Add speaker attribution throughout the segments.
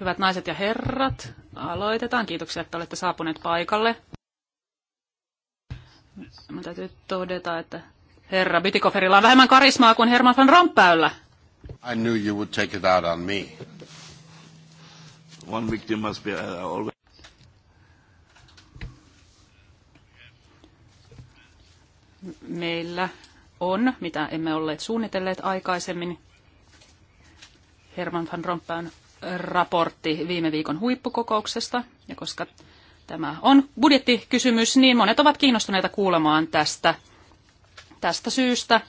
Speaker 1: Hyvät naiset ja herrat, aloitetaan. Kiitoksia, että olette saapuneet paikalle. Mä täytyy todeta, että Herra Bytikoferilla on vähemmän karismaa kuin Herman van Rompäyllä.
Speaker 2: I knew you would take it out on me. One victim must be uh, always...
Speaker 1: Meillä on, mitä emme olleet suunnitelleet aikaisemmin, Herman van Rompuyn raportti viime viikon huippukokouksesta. Ja koska tämä on budjettikysymys, niin monet ovat kiinnostuneita kuulemaan tästä – Tästä syystä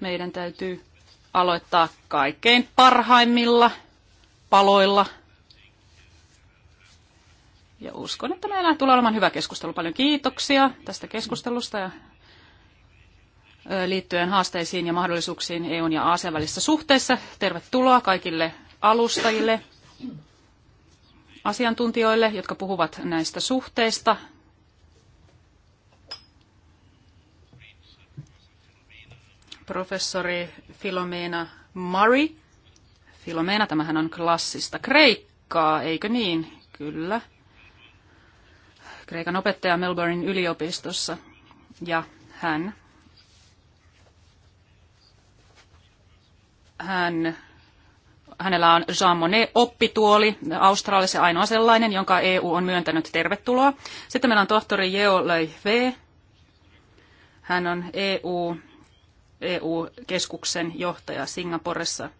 Speaker 1: meidän täytyy aloittaa kaikkein parhaimmilla paloilla. Ja uskon, että meillä tulee olemaan hyvä keskustelu. Paljon kiitoksia tästä keskustelusta ja liittyen haasteisiin ja mahdollisuuksiin EUn ja Aasian välissä suhteissa. Tervetuloa kaikille alustajille, asiantuntijoille, jotka puhuvat näistä suhteista. professori Filomena Murray. Filomena, tämähän on klassista kreikkaa, eikö niin? Kyllä. Kreikan opettaja Melbournein yliopistossa. Ja hän, hän hänellä on Jean Monnet-oppituoli, Australiassa ainoa sellainen, jonka EU on myöntänyt tervetuloa. Sitten meillä on tohtori Jeo Löi V. Hän on EU EU-keskuksen johtaja Singaporessa.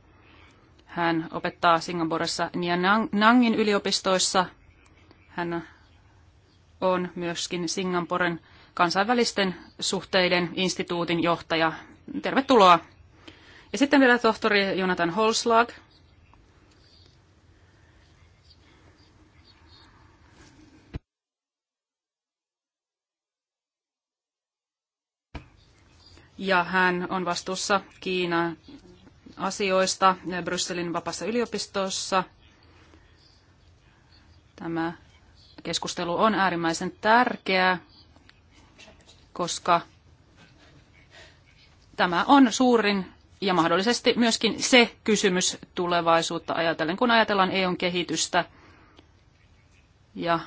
Speaker 1: Hän opettaa Singaporessa ja Nangin yliopistoissa. Hän on myöskin Singaporen kansainvälisten suhteiden instituutin johtaja. Tervetuloa. Ja sitten vielä tohtori Jonathan Holslag. ja hän on vastuussa Kiinan asioista Brysselin vapaassa yliopistossa. Tämä keskustelu on äärimmäisen tärkeä, koska tämä on suurin ja mahdollisesti myöskin se kysymys tulevaisuutta ajatellen, kun ajatellaan EUn kehitystä ja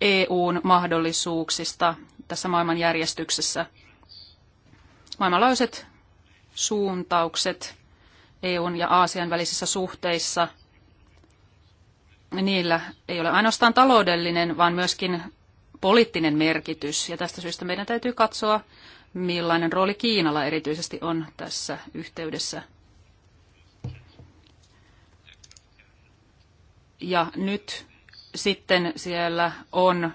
Speaker 1: EUn mahdollisuuksista tässä maailmanjärjestyksessä maailmanlaajuiset suuntaukset EUn ja Aasian välisissä suhteissa, niillä ei ole ainoastaan taloudellinen, vaan myöskin poliittinen merkitys. Ja tästä syystä meidän täytyy katsoa, millainen rooli Kiinalla erityisesti on tässä yhteydessä. Ja nyt sitten siellä on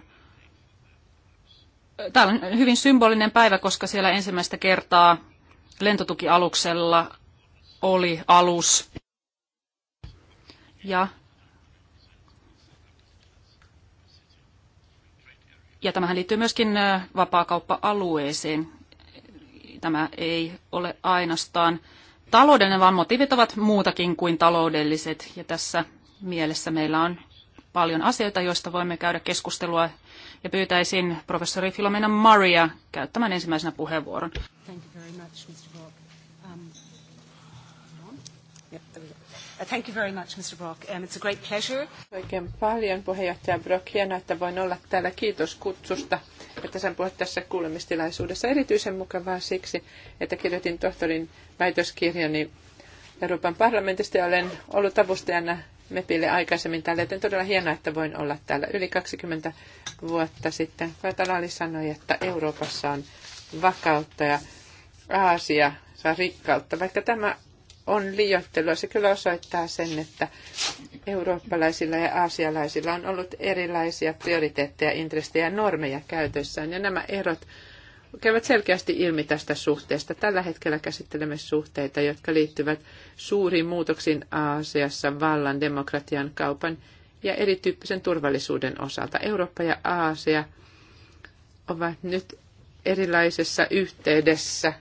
Speaker 1: Tämä on hyvin symbolinen päivä, koska siellä ensimmäistä kertaa lentotukialuksella oli alus. Ja, ja tämähän liittyy myöskin vapaakauppa-alueeseen. Tämä ei ole ainoastaan taloudellinen, vaan motiivit ovat muutakin kuin taloudelliset. Ja tässä mielessä meillä on paljon asioita, joista voimme käydä keskustelua ja pyytäisin professori Filomena Maria käyttämään ensimmäisenä puheenvuoron. Thank you very much, Mr. Brock. Um, uh, Thank you very much, Mr.
Speaker 2: Brock. Um, it's a great pleasure. Oikein paljon puheenjohtaja Brock. Hienoa, että voin olla täällä. Kiitos kutsusta, että sen puhua tässä kuulemistilaisuudessa. Erityisen mukavaa siksi, että kirjoitin tohtorin väitöskirjani Euroopan parlamentista ja olen ollut avustajana MEPille aikaisemmin täällä, joten todella hienoa, että voin olla täällä. Yli 20 vuotta sitten Katalali sanoi, että Euroopassa on vakautta ja Aasia saa rikkautta. Vaikka tämä on liioittelua, se kyllä osoittaa sen, että eurooppalaisilla ja aasialaisilla on ollut erilaisia prioriteetteja, intressejä ja normeja käytössään. Ja nämä erot käyvät selkeästi ilmi tästä suhteesta. Tällä hetkellä käsittelemme suhteita, jotka liittyvät suuriin muutoksiin Aasiassa, vallan, demokratian, kaupan – ja erityyppisen turvallisuuden osalta. Eurooppa ja Aasia ovat nyt erilaisessa yhteydessä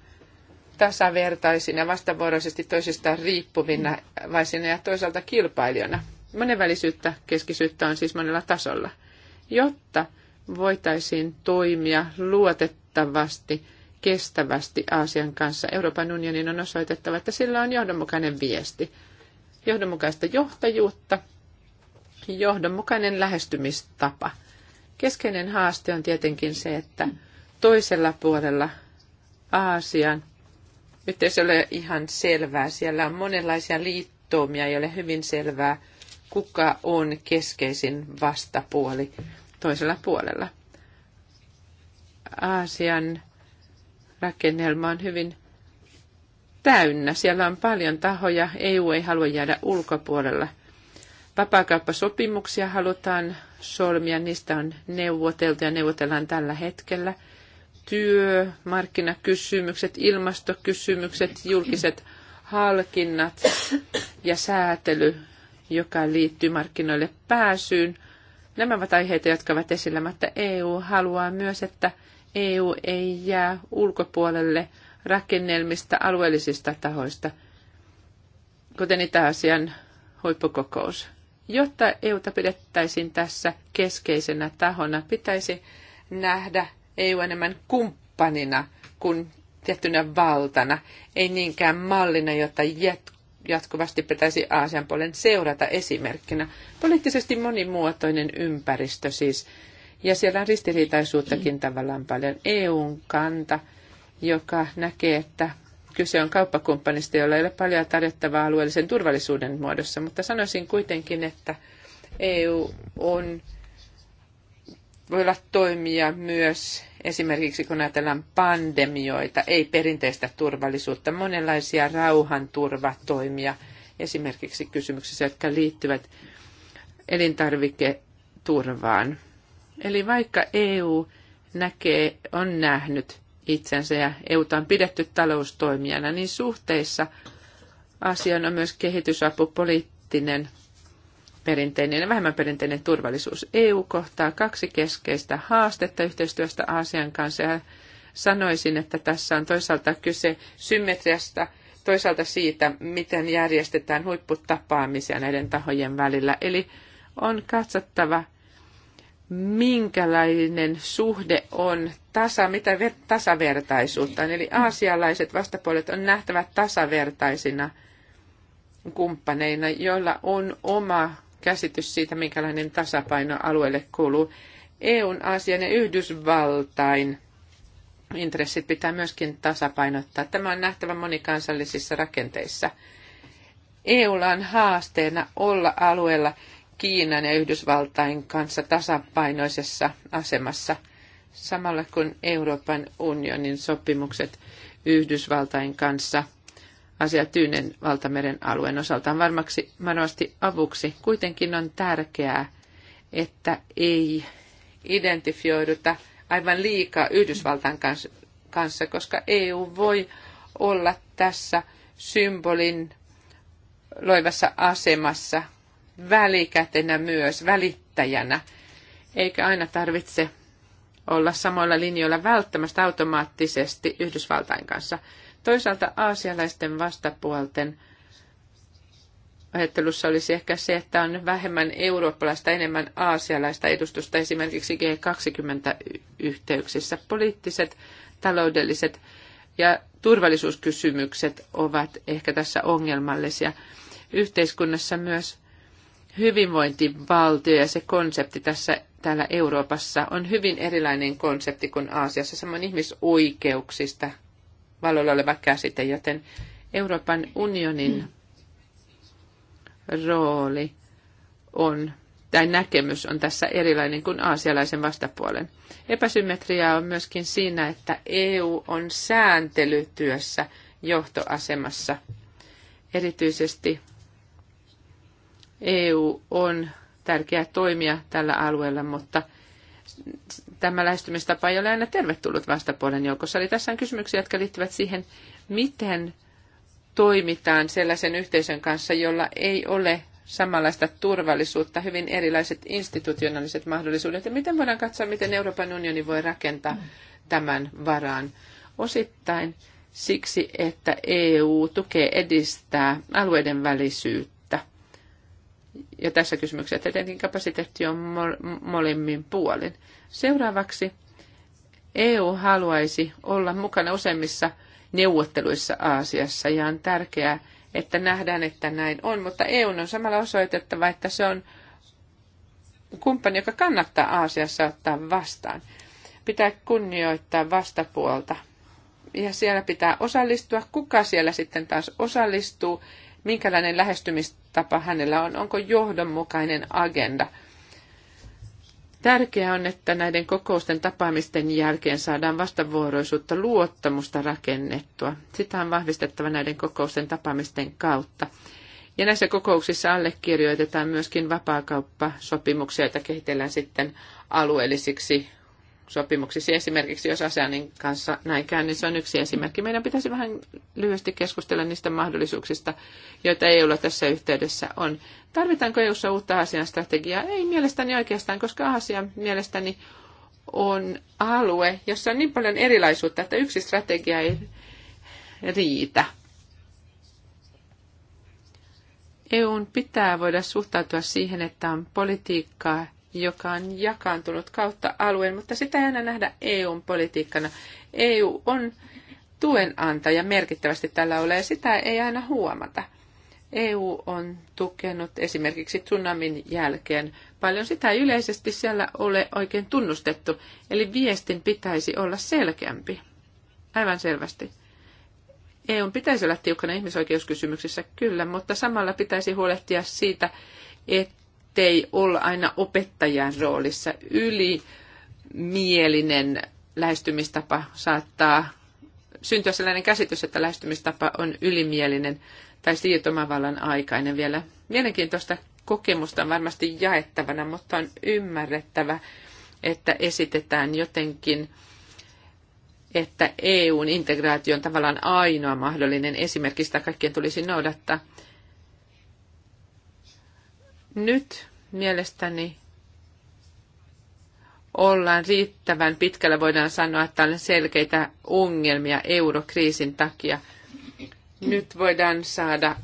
Speaker 2: tasavertaisina, vastavuoroisesti toisistaan riippuvina vaisina ja toisaalta kilpailijoina. Monenvälisyyttä, keskisyyttä on siis monella tasolla. Jotta voitaisiin toimia luotettavasti, kestävästi Aasian kanssa, Euroopan unionin on osoitettava, että sillä on johdonmukainen viesti. Johdonmukaista johtajuutta, johdonmukainen lähestymistapa. Keskeinen haaste on tietenkin se, että toisella puolella Aasian yhteisö ei ole ihan selvää. Siellä on monenlaisia liittoumia, ei ole hyvin selvää, kuka on keskeisin vastapuoli toisella puolella. Aasian rakennelma on hyvin täynnä. Siellä on paljon tahoja. EU ei halua jäädä ulkopuolella – Vapaakauppasopimuksia halutaan solmia, niistä on neuvoteltu ja neuvotellaan tällä hetkellä. Työ, markkinakysymykset, ilmastokysymykset, julkiset halkinnat ja säätely, joka liittyy markkinoille pääsyyn. Nämä ovat aiheita, jotka ovat esillä, mutta EU haluaa myös, että EU ei jää ulkopuolelle rakennelmista alueellisista tahoista, kuten Itä-Asian huippukokous. Jotta EUta pidettäisiin tässä keskeisenä tahona, pitäisi nähdä EU enemmän kumppanina kuin tiettynä valtana, ei niinkään mallina, jota jatkuvasti pitäisi Aasian puolen seurata esimerkkinä. Poliittisesti monimuotoinen ympäristö siis, ja siellä on ristiriitaisuuttakin tavallaan paljon. EUn kanta, joka näkee, että kyse on kauppakumppanista, jolla ei ole paljon tarjottavaa alueellisen turvallisuuden muodossa, mutta sanoisin kuitenkin, että EU on, voi olla toimia myös esimerkiksi kun ajatellaan pandemioita, ei perinteistä turvallisuutta, monenlaisia rauhanturvatoimia esimerkiksi kysymyksissä, jotka liittyvät elintarviketurvaan. Eli vaikka EU näkee, on nähnyt itsensä ja EUta on pidetty taloustoimijana, niin suhteissa asiana myös kehitysapu, poliittinen, perinteinen ja vähemmän perinteinen turvallisuus. EU kohtaa kaksi keskeistä haastetta yhteistyöstä Aasian kanssa ja sanoisin, että tässä on toisaalta kyse symmetriasta, toisaalta siitä, miten järjestetään huipputapaamisia näiden tahojen välillä. Eli on katsottava, minkälainen suhde on tasa, mitä ver- tasavertaisuutta on. Eli aasialaiset vastapuolet on nähtävä tasavertaisina kumppaneina, joilla on oma käsitys siitä, minkälainen tasapaino alueelle kuuluu. EUn, Aasian ja Yhdysvaltain intressit pitää myöskin tasapainottaa. Tämä on nähtävä monikansallisissa rakenteissa. EUlla on haasteena olla alueella Kiinan ja Yhdysvaltain kanssa tasapainoisessa asemassa – samalla kun Euroopan unionin sopimukset Yhdysvaltain kanssa asia Tyynen valtameren alueen osalta on varmaksi, varmasti avuksi. Kuitenkin on tärkeää, että ei identifioiduta aivan liikaa Yhdysvaltain kanssa, koska EU voi olla tässä symbolin loivassa asemassa välikätenä myös, välittäjänä, eikä aina tarvitse olla samoilla linjoilla välttämästä automaattisesti Yhdysvaltain kanssa. Toisaalta aasialaisten vastapuolten ajattelussa olisi ehkä se, että on vähemmän eurooppalaista, enemmän aasialaista edustusta esimerkiksi G20-yhteyksissä. Poliittiset, taloudelliset ja turvallisuuskysymykset ovat ehkä tässä ongelmallisia. Yhteiskunnassa myös hyvinvointivaltio ja se konsepti tässä täällä Euroopassa on hyvin erilainen konsepti kuin Aasiassa. Samoin ihmisoikeuksista valolla oleva käsite, joten Euroopan unionin rooli on, tai näkemys on tässä erilainen kuin aasialaisen vastapuolen. Epäsymmetriaa on myöskin siinä, että EU on sääntelytyössä johtoasemassa. Erityisesti EU on tärkeä toimia tällä alueella, mutta tämä lähestymistapa ei ole aina tervetullut vastapuolen joukossa. Eli tässä on kysymyksiä, jotka liittyvät siihen, miten toimitaan sellaisen yhteisön kanssa, jolla ei ole samanlaista turvallisuutta, hyvin erilaiset institutionaaliset mahdollisuudet. Ja miten voidaan katsoa, miten Euroopan unioni voi rakentaa tämän varaan? Osittain siksi, että EU tukee edistää alueiden välisyyttä ja tässä kysymyksessä tietenkin kapasiteetti on molemmin puolin. Seuraavaksi EU haluaisi olla mukana useimmissa neuvotteluissa Aasiassa ja on tärkeää, että nähdään, että näin on, mutta EU on samalla osoitettava, että se on kumppani, joka kannattaa Aasiassa ottaa vastaan. Pitää kunnioittaa vastapuolta. Ja siellä pitää osallistua. Kuka siellä sitten taas osallistuu? minkälainen lähestymistapa hänellä on, onko johdonmukainen agenda. Tärkeää on, että näiden kokousten tapaamisten jälkeen saadaan vastavuoroisuutta, luottamusta rakennettua. Sitä on vahvistettava näiden kokousten tapaamisten kautta. Ja näissä kokouksissa allekirjoitetaan myöskin vapaakauppasopimuksia, joita kehitellään sitten alueellisiksi sopimuksissa. Esimerkiksi jos ASEANin kanssa näin käy, niin se on yksi esimerkki. Meidän pitäisi vähän lyhyesti keskustella niistä mahdollisuuksista, joita ei ole tässä yhteydessä on. Tarvitaanko EUssa uutta Aasian strategiaa? Ei mielestäni oikeastaan, koska Aasia mielestäni on alue, jossa on niin paljon erilaisuutta, että yksi strategia ei riitä. EUn pitää voida suhtautua siihen, että on politiikkaa, joka on jakaantunut kautta alueen, mutta sitä ei aina nähdä EUn politiikkana. EU on tuenantaja merkittävästi tällä ole, ja sitä ei aina huomata. EU on tukenut esimerkiksi tsunamin jälkeen paljon. Sitä ei yleisesti siellä ole oikein tunnustettu, eli viestin pitäisi olla selkeämpi. Aivan selvästi. EU pitäisi olla tiukkana ihmisoikeuskysymyksissä, kyllä, mutta samalla pitäisi huolehtia siitä, että ettei olla aina opettajan roolissa. Ylimielinen lähestymistapa saattaa syntyä sellainen käsitys, että lähestymistapa on ylimielinen tai siirtomavallan aikainen vielä. Mielenkiintoista kokemusta on varmasti jaettavana, mutta on ymmärrettävä, että esitetään jotenkin, että EUn integraatio on tavallaan ainoa mahdollinen esimerkki, sitä kaikkien tulisi noudattaa. Nyt mielestäni ollaan riittävän pitkällä, voidaan sanoa, että on selkeitä ongelmia eurokriisin takia. Nyt voidaan saada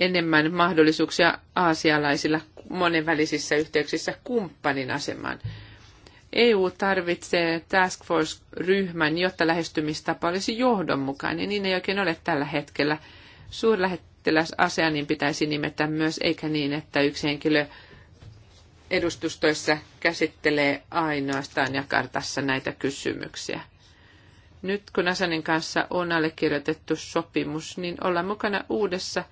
Speaker 2: enemmän mahdollisuuksia aasialaisilla monenvälisissä yhteyksissä kumppanin asemaan. EU tarvitsee task force-ryhmän, jotta lähestymistapa olisi johdonmukainen. Niin ei oikein ole tällä hetkellä. Suurlähet suurlähettiläs ASEANin pitäisi nimetä myös, eikä niin, että yksi henkilö edustustoissa käsittelee ainoastaan Jakartassa näitä kysymyksiä. Nyt kun Asanin kanssa on allekirjoitettu sopimus, niin ollaan mukana uudessa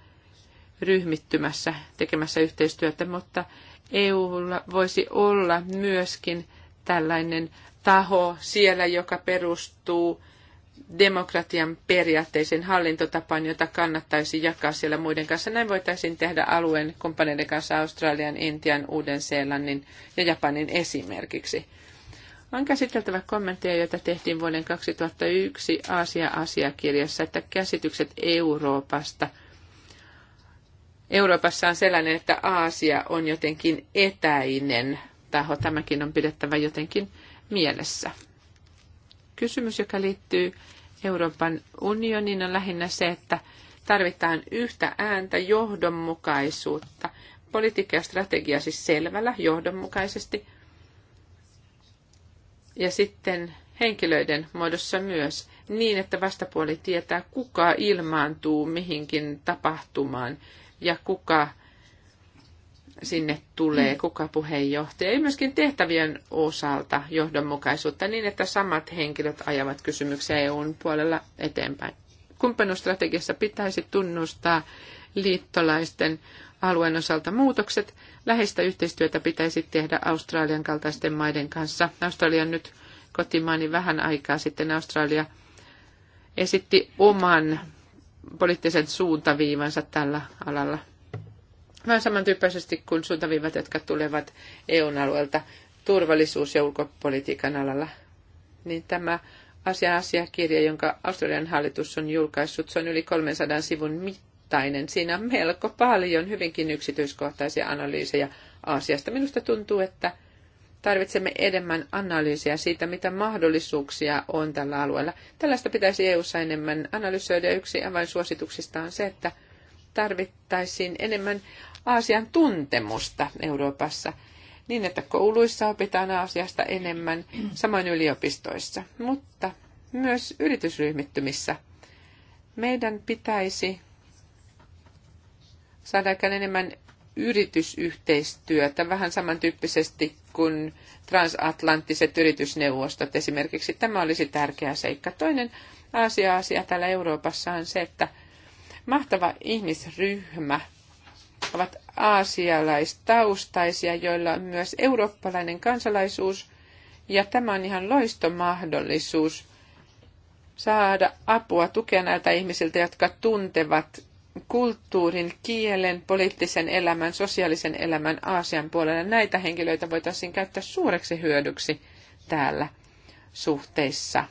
Speaker 2: ryhmittymässä tekemässä yhteistyötä, mutta EUlla voisi olla myöskin tällainen taho siellä, joka perustuu demokratian periaatteisiin hallintotapaan, jota kannattaisi jakaa siellä muiden kanssa. Näin voitaisiin tehdä alueen kumppaneiden kanssa Australian, Intian, Uuden-Seelannin ja Japanin esimerkiksi. On käsiteltävä kommentteja, joita tehtiin vuoden 2001 Aasia-asiakirjassa, että käsitykset Euroopasta – Euroopassa on sellainen, että Aasia on jotenkin etäinen taho. Tämäkin on pidettävä jotenkin mielessä. Kysymys, joka liittyy Euroopan unioniin, on lähinnä se, että tarvitaan yhtä ääntä johdonmukaisuutta. Politiikka ja strategia siis selvällä, johdonmukaisesti. Ja sitten henkilöiden muodossa myös niin, että vastapuoli tietää, kuka ilmaantuu mihinkin tapahtumaan ja kuka sinne tulee, mm. kuka puheenjohtaja. Ei myöskin tehtävien osalta johdonmukaisuutta niin, että samat henkilöt ajavat kysymyksiä EUn puolella eteenpäin. Kumppanuusstrategiassa pitäisi tunnustaa liittolaisten alueen osalta muutokset. Läheistä yhteistyötä pitäisi tehdä Australian kaltaisten maiden kanssa. Australia nyt kotimaani vähän aikaa sitten Australia esitti oman poliittisen suuntaviivansa tällä alalla vähän samantyyppisesti kuin suuntaviivat, jotka tulevat eu alueelta turvallisuus- ja ulkopolitiikan alalla. Niin tämä asia-asiakirja, jonka Australian hallitus on julkaissut, se on yli 300 sivun mittainen. Siinä on melko paljon hyvinkin yksityiskohtaisia analyysejä asiasta. Minusta tuntuu, että tarvitsemme enemmän analyysiä siitä, mitä mahdollisuuksia on tällä alueella. Tällaista pitäisi EU-ssa enemmän analysoida. Yksi avainsuosituksista on se, että tarvittaisiin enemmän Aasian tuntemusta Euroopassa niin, että kouluissa opitaan Aasiasta enemmän, samoin yliopistoissa, mutta myös yritysryhmittymissä. Meidän pitäisi saada aikaan enemmän yritysyhteistyötä vähän samantyyppisesti kuin transatlanttiset yritysneuvostot esimerkiksi. Tämä olisi tärkeä seikka. Toinen asia-asia täällä Euroopassa on se, että mahtava ihmisryhmä – ovat aasialaistaustaisia, joilla on myös eurooppalainen kansalaisuus, ja tämä on ihan loistomahdollisuus saada apua tukea näiltä ihmisiltä, jotka tuntevat kulttuurin, kielen, poliittisen elämän, sosiaalisen elämän Aasian puolella. Näitä henkilöitä voitaisiin käyttää suureksi hyödyksi täällä suhteissa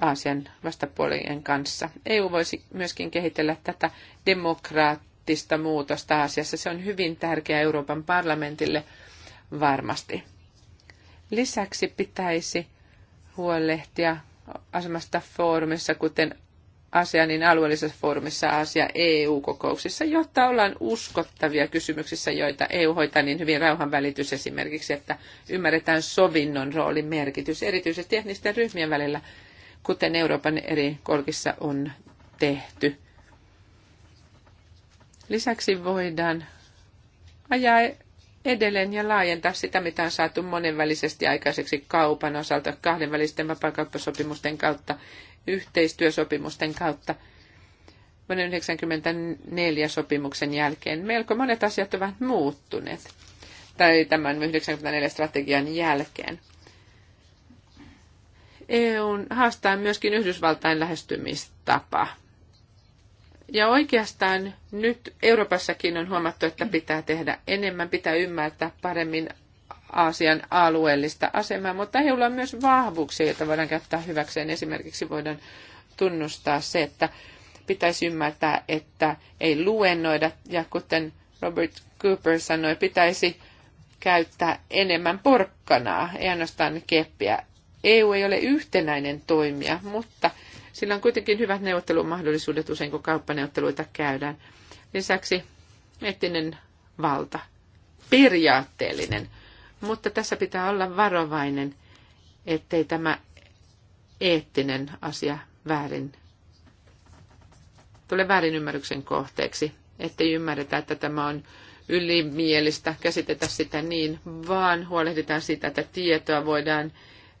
Speaker 2: Aasian vastapuolien kanssa. EU voisi myöskin kehitellä tätä demokraattista muutosta Aasiassa. Se on hyvin tärkeää Euroopan parlamentille varmasti. Lisäksi pitäisi huolehtia asemasta foorumissa, kuten ASEANin alueellisessa foorumissa Asia-EU-kokouksissa, jotta ollaan uskottavia kysymyksissä, joita EU hoitaa niin hyvin rauhanvälitys esimerkiksi, että ymmärretään sovinnon roolin merkitys, erityisesti etnisten ryhmien välillä, kuten Euroopan eri kolkissa on tehty. Lisäksi voidaan ajaa edelleen ja laajentaa sitä, mitä on saatu monenvälisesti aikaiseksi kaupan osalta, kahdenvälisten vapaakauppasopimusten kautta, yhteistyösopimusten kautta vuoden 1994 sopimuksen jälkeen. Melko monet asiat ovat muuttuneet tai tämän 94 strategian jälkeen. EUn haastaa myöskin Yhdysvaltain lähestymistapa. Ja oikeastaan nyt Euroopassakin on huomattu, että pitää tehdä enemmän, pitää ymmärtää paremmin Aasian alueellista asemaa, mutta EUlla on myös vahvuuksia, joita voidaan käyttää hyväkseen. Esimerkiksi voidaan tunnustaa se, että pitäisi ymmärtää, että ei luennoida, ja kuten Robert Cooper sanoi, pitäisi käyttää enemmän porkkanaa, ei ainoastaan keppiä. EU ei ole yhtenäinen toimija, mutta sillä on kuitenkin hyvät neuvottelumahdollisuudet usein, kun kauppaneuvotteluita käydään. Lisäksi etinen valta, periaatteellinen, mutta tässä pitää olla varovainen, ettei tämä eettinen asia väärin tule väärinymmärryksen kohteeksi, ettei ymmärretä, että tämä on ylimielistä, käsitetä sitä niin, vaan huolehditaan siitä, että tietoa voidaan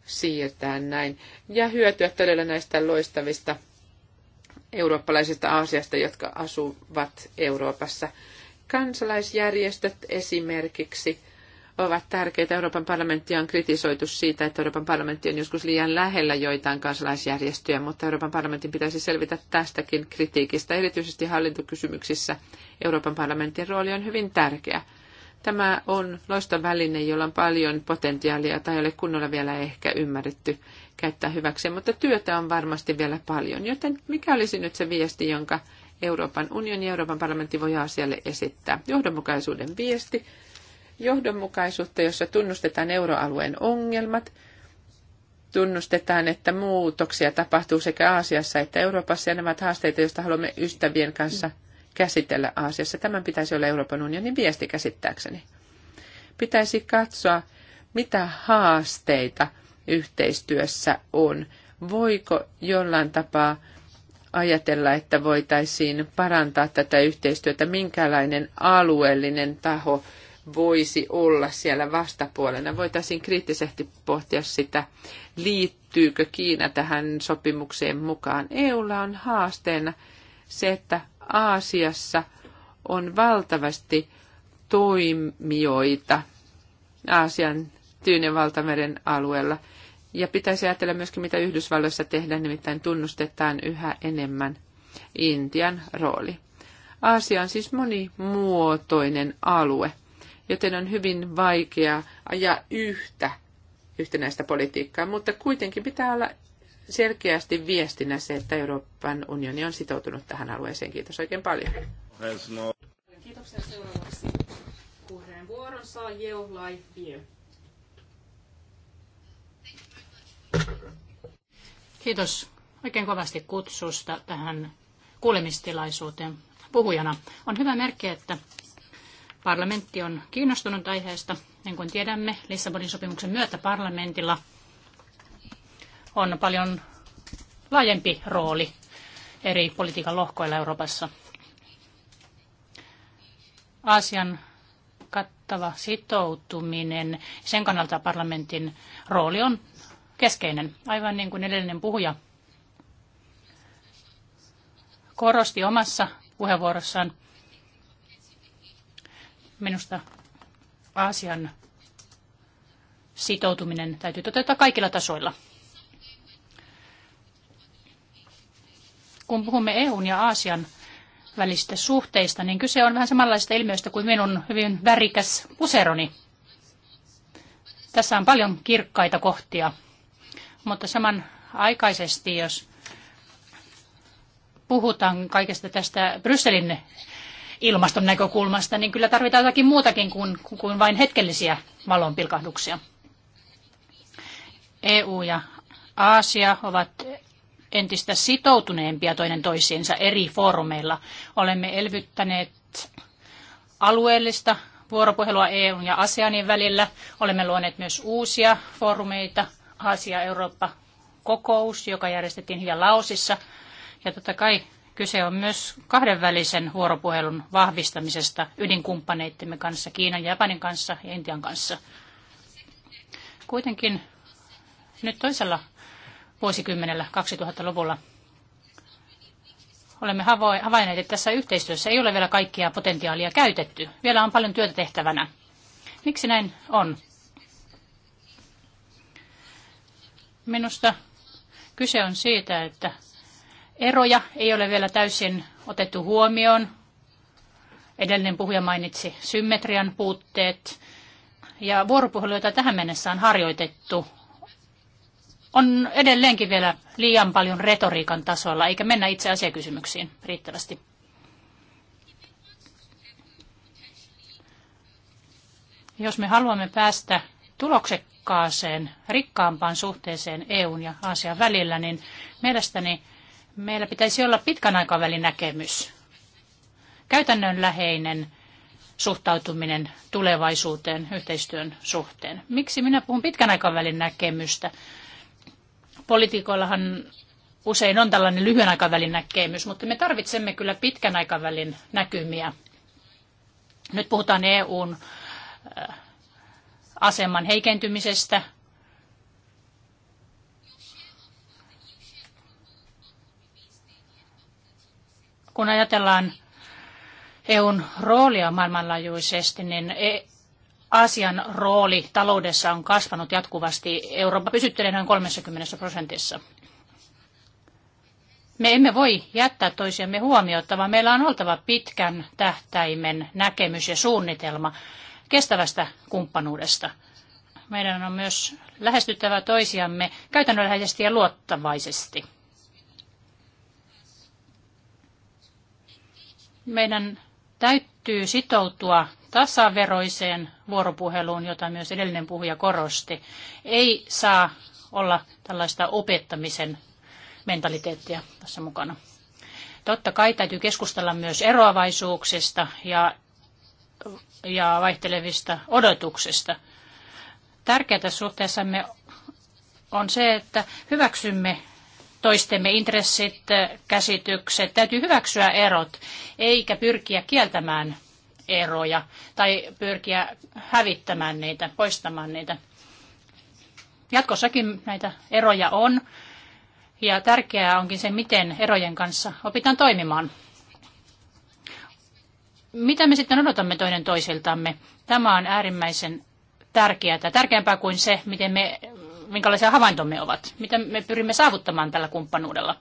Speaker 2: siirtää näin ja hyötyä todella näistä loistavista eurooppalaisista Aasiasta, jotka asuvat Euroopassa. Kansalaisjärjestöt esimerkiksi ovat tärkeitä. Euroopan parlamenttia on kritisoitu siitä, että Euroopan parlamentti on joskus liian lähellä joitain kansalaisjärjestöjä, mutta Euroopan parlamentin pitäisi selvitä tästäkin kritiikistä. Erityisesti hallintokysymyksissä Euroopan parlamentin rooli on hyvin tärkeä. Tämä on loista väline, jolla on paljon potentiaalia tai ei ole kunnolla vielä ehkä ymmärretty käyttää hyväksi, mutta työtä on varmasti vielä paljon. Joten mikä olisi nyt se viesti, jonka Euroopan unioni ja Euroopan parlamentti voi asialle esittää? Johdonmukaisuuden viesti, johdonmukaisuutta, jossa tunnustetaan euroalueen ongelmat, tunnustetaan, että muutoksia tapahtuu sekä Aasiassa että Euroopassa ja nämä haasteita, joista haluamme ystävien kanssa – käsitellä Aasiassa. Tämän pitäisi olla Euroopan unionin viesti käsittääkseni. Pitäisi katsoa, mitä haasteita yhteistyössä on. Voiko jollain tapaa ajatella, että voitaisiin parantaa tätä yhteistyötä, minkälainen alueellinen taho voisi olla siellä vastapuolena. Voitaisiin kriittisesti pohtia sitä, liittyykö Kiina tähän sopimukseen mukaan. EUlla on haasteena se, että Aasiassa on valtavasti toimijoita Aasian Tyynen valtameren alueella. Ja pitäisi ajatella myöskin, mitä Yhdysvalloissa tehdään, nimittäin tunnustetaan yhä enemmän Intian rooli. Aasia on siis monimuotoinen alue, joten on hyvin vaikea ajaa yhtä yhtenäistä politiikkaa, mutta kuitenkin pitää olla selkeästi viestinä se, että Euroopan unioni on sitoutunut tähän alueeseen. Kiitos oikein paljon.
Speaker 1: Kiitoksia seuraavaksi saa
Speaker 3: Kiitos oikein kovasti kutsusta tähän kuulemistilaisuuteen puhujana. On hyvä merkki, että parlamentti on kiinnostunut aiheesta. Niin kuin tiedämme, Lissabonin sopimuksen myötä parlamentilla on paljon laajempi rooli eri politiikan lohkoilla Euroopassa. Aasian kattava sitoutuminen, sen kannalta parlamentin rooli on keskeinen, aivan niin kuin edellinen puhuja korosti omassa puheenvuorossaan. Minusta Aasian sitoutuminen täytyy toteuttaa kaikilla tasoilla. kun puhumme EUn ja Aasian välistä suhteista, niin kyse on vähän samanlaista ilmiöstä kuin minun hyvin värikäs puseroni. Tässä on paljon kirkkaita kohtia, mutta samanaikaisesti, jos puhutaan kaikesta tästä Brysselin ilmaston näkökulmasta, niin kyllä tarvitaan jotakin muutakin kuin, kuin vain hetkellisiä valonpilkahduksia. EU ja Aasia ovat entistä sitoutuneempia toinen toisiinsa eri foorumeilla. Olemme elvyttäneet alueellista vuoropuhelua EUn ja ASEANin välillä. Olemme luoneet myös uusia foorumeita, Aasia-Eurooppa-kokous, joka järjestettiin hiljaa Laosissa. Ja totta kai kyse on myös kahdenvälisen vuoropuhelun vahvistamisesta ydinkumppaneittemme kanssa, Kiinan, Japanin kanssa ja Intian kanssa. Kuitenkin nyt toisella vuosikymmenellä 2000-luvulla. Olemme havainneet, että tässä yhteistyössä ei ole vielä kaikkia potentiaalia käytetty. Vielä on paljon työtä tehtävänä. Miksi näin on? Minusta kyse on siitä, että eroja ei ole vielä täysin otettu huomioon. Edellinen puhuja mainitsi symmetrian puutteet. Ja vuoropuhelu, jota tähän mennessä on harjoitettu, on edelleenkin vielä liian paljon retoriikan tasolla, eikä mennä itse asiakysymyksiin riittävästi. Jos me haluamme päästä tuloksekkaaseen, rikkaampaan suhteeseen EUn ja Aasian välillä, niin mielestäni meillä pitäisi olla pitkän aikavälin näkemys, käytännönläheinen suhtautuminen tulevaisuuteen yhteistyön suhteen. Miksi minä puhun pitkän aikavälin näkemystä? poliitikoillahan usein on tällainen lyhyen aikavälin näkemys, mutta me tarvitsemme kyllä pitkän aikavälin näkymiä. Nyt puhutaan EUn äh, aseman heikentymisestä. Kun ajatellaan EUn roolia maailmanlaajuisesti, niin e- Aasian rooli taloudessa on kasvanut jatkuvasti. Eurooppa pysyttelee noin 30 prosentissa. Me emme voi jättää toisiamme huomiota, vaan meillä on oltava pitkän tähtäimen näkemys ja suunnitelma kestävästä kumppanuudesta. Meidän on myös lähestyttävä toisiamme käytännönläheisesti ja luottavaisesti. Meidän täytyy täytyy sitoutua tasaveroiseen vuoropuheluun, jota myös edellinen puhuja korosti. Ei saa olla tällaista opettamisen mentaliteettia tässä mukana. Totta kai täytyy keskustella myös eroavaisuuksista ja, ja vaihtelevista odotuksista. Tärkeää suhteessamme on se, että hyväksymme toistemme intressit, käsitykset. Täytyy hyväksyä erot, eikä pyrkiä kieltämään eroja tai pyrkiä hävittämään niitä, poistamaan niitä. Jatkossakin näitä eroja on ja tärkeää onkin se, miten erojen kanssa opitaan toimimaan. Mitä me sitten odotamme toinen toisiltamme? Tämä on äärimmäisen tärkeää. Tärkeämpää kuin se, miten me minkälaisia havaintomme ovat, mitä me pyrimme saavuttamaan tällä kumppanuudella.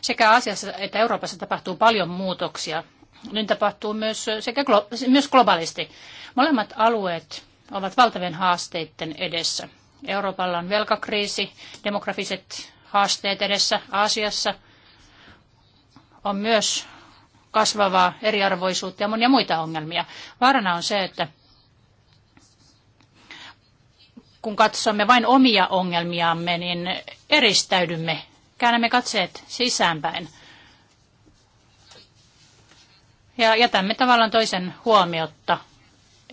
Speaker 3: Sekä asiassa että Euroopassa tapahtuu paljon muutoksia. Nyt niin tapahtuu myös, sekä glo- myös globaalisti. Molemmat alueet ovat valtavien haasteiden edessä. Euroopalla on velkakriisi, demografiset haasteet edessä Aasiassa. On myös kasvavaa eriarvoisuutta ja monia muita ongelmia. Vaarana on se, että kun katsomme vain omia ongelmiamme, niin eristäydymme, käännämme katseet sisäänpäin. Ja jätämme tavallaan toisen huomiotta,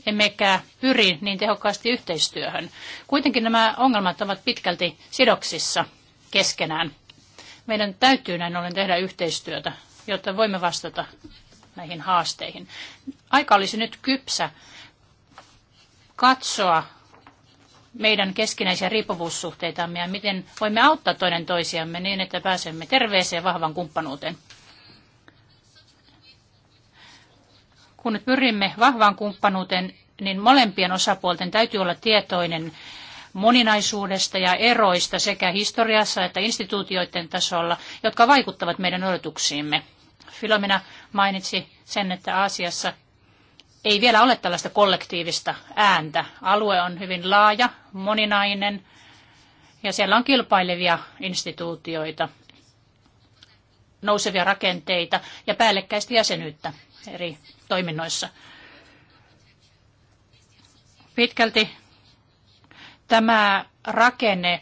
Speaker 3: emmekä pyri niin tehokkaasti yhteistyöhön. Kuitenkin nämä ongelmat ovat pitkälti sidoksissa keskenään. Meidän täytyy näin ollen tehdä yhteistyötä, jotta voimme vastata näihin haasteihin. Aika olisi nyt kypsä katsoa meidän keskinäisiä riippuvuussuhteitamme ja miten voimme auttaa toinen toisiamme niin, että pääsemme terveeseen vahvan kumppanuuteen. Kun pyrimme vahvaan kumppanuuteen, niin molempien osapuolten täytyy olla tietoinen moninaisuudesta ja eroista sekä historiassa että instituutioiden tasolla, jotka vaikuttavat meidän odotuksiimme. Filomena mainitsi sen, että Aasiassa ei vielä ole tällaista kollektiivista ääntä. Alue on hyvin laaja, moninainen ja siellä on kilpailevia instituutioita, nousevia rakenteita ja päällekkäistä jäsenyyttä eri toiminnoissa. Pitkälti tämä rakenne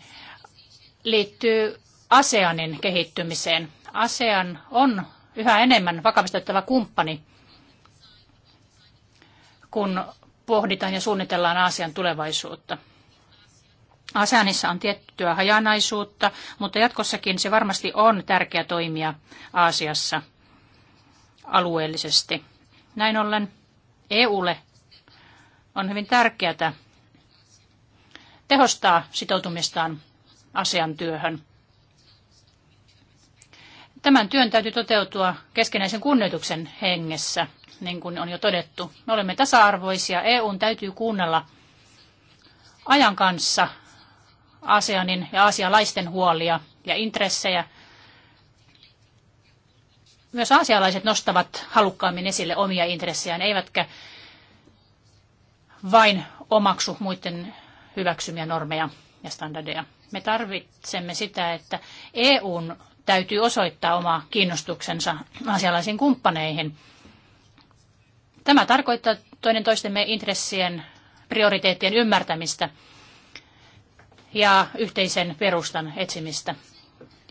Speaker 3: liittyy ASEANin kehittymiseen. ASEAN on yhä enemmän vakavistettava kumppani kun pohditaan ja suunnitellaan Aasian tulevaisuutta. ASEANissa on tiettyä hajanaisuutta, mutta jatkossakin se varmasti on tärkeä toimija Aasiassa alueellisesti. Näin ollen EUlle on hyvin tärkeää tehostaa sitoutumistaan asiantyöhön. työhön. Tämän työn täytyy toteutua keskinäisen kunnioituksen hengessä, niin kuin on jo todettu. Me olemme tasa-arvoisia. EUn täytyy kuunnella ajan kanssa ASEANin ja aasialaisten huolia ja intressejä. Myös aasialaiset nostavat halukkaammin esille omia intressejään, eivätkä vain omaksu muiden hyväksymiä normeja ja standardeja. Me tarvitsemme sitä, että EUn täytyy osoittaa oma kiinnostuksensa asialaisiin kumppaneihin. Tämä tarkoittaa toinen toistemme intressien prioriteettien ymmärtämistä ja yhteisen perustan etsimistä,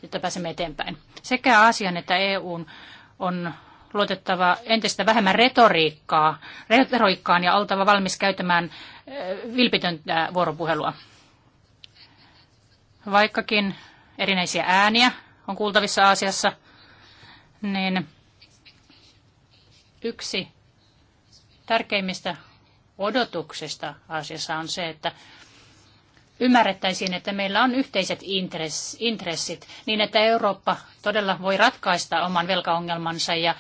Speaker 3: jotta pääsemme eteenpäin. Sekä asian että EUn on luotettava entistä vähemmän retoriikkaa, retoriikkaan ja oltava valmis käyttämään vilpitöntä vuoropuhelua. Vaikkakin erinäisiä ääniä on kuultavissa Aasiassa, niin yksi tärkeimmistä odotuksista Aasiassa on se, että ymmärrettäisiin, että meillä on yhteiset intressit niin, että Eurooppa todella voi ratkaista oman velkaongelmansa ja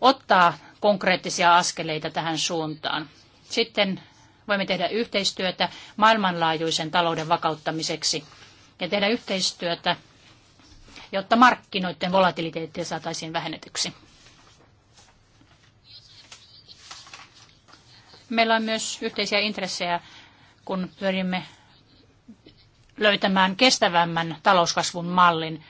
Speaker 3: ottaa konkreettisia askeleita tähän suuntaan. Sitten voimme tehdä yhteistyötä maailmanlaajuisen talouden vakauttamiseksi ja tehdä yhteistyötä jotta markkinoiden volatiliteettia saataisiin vähennetyksi. Meillä on myös yhteisiä intressejä, kun pyrimme löytämään kestävämmän talouskasvun mallin.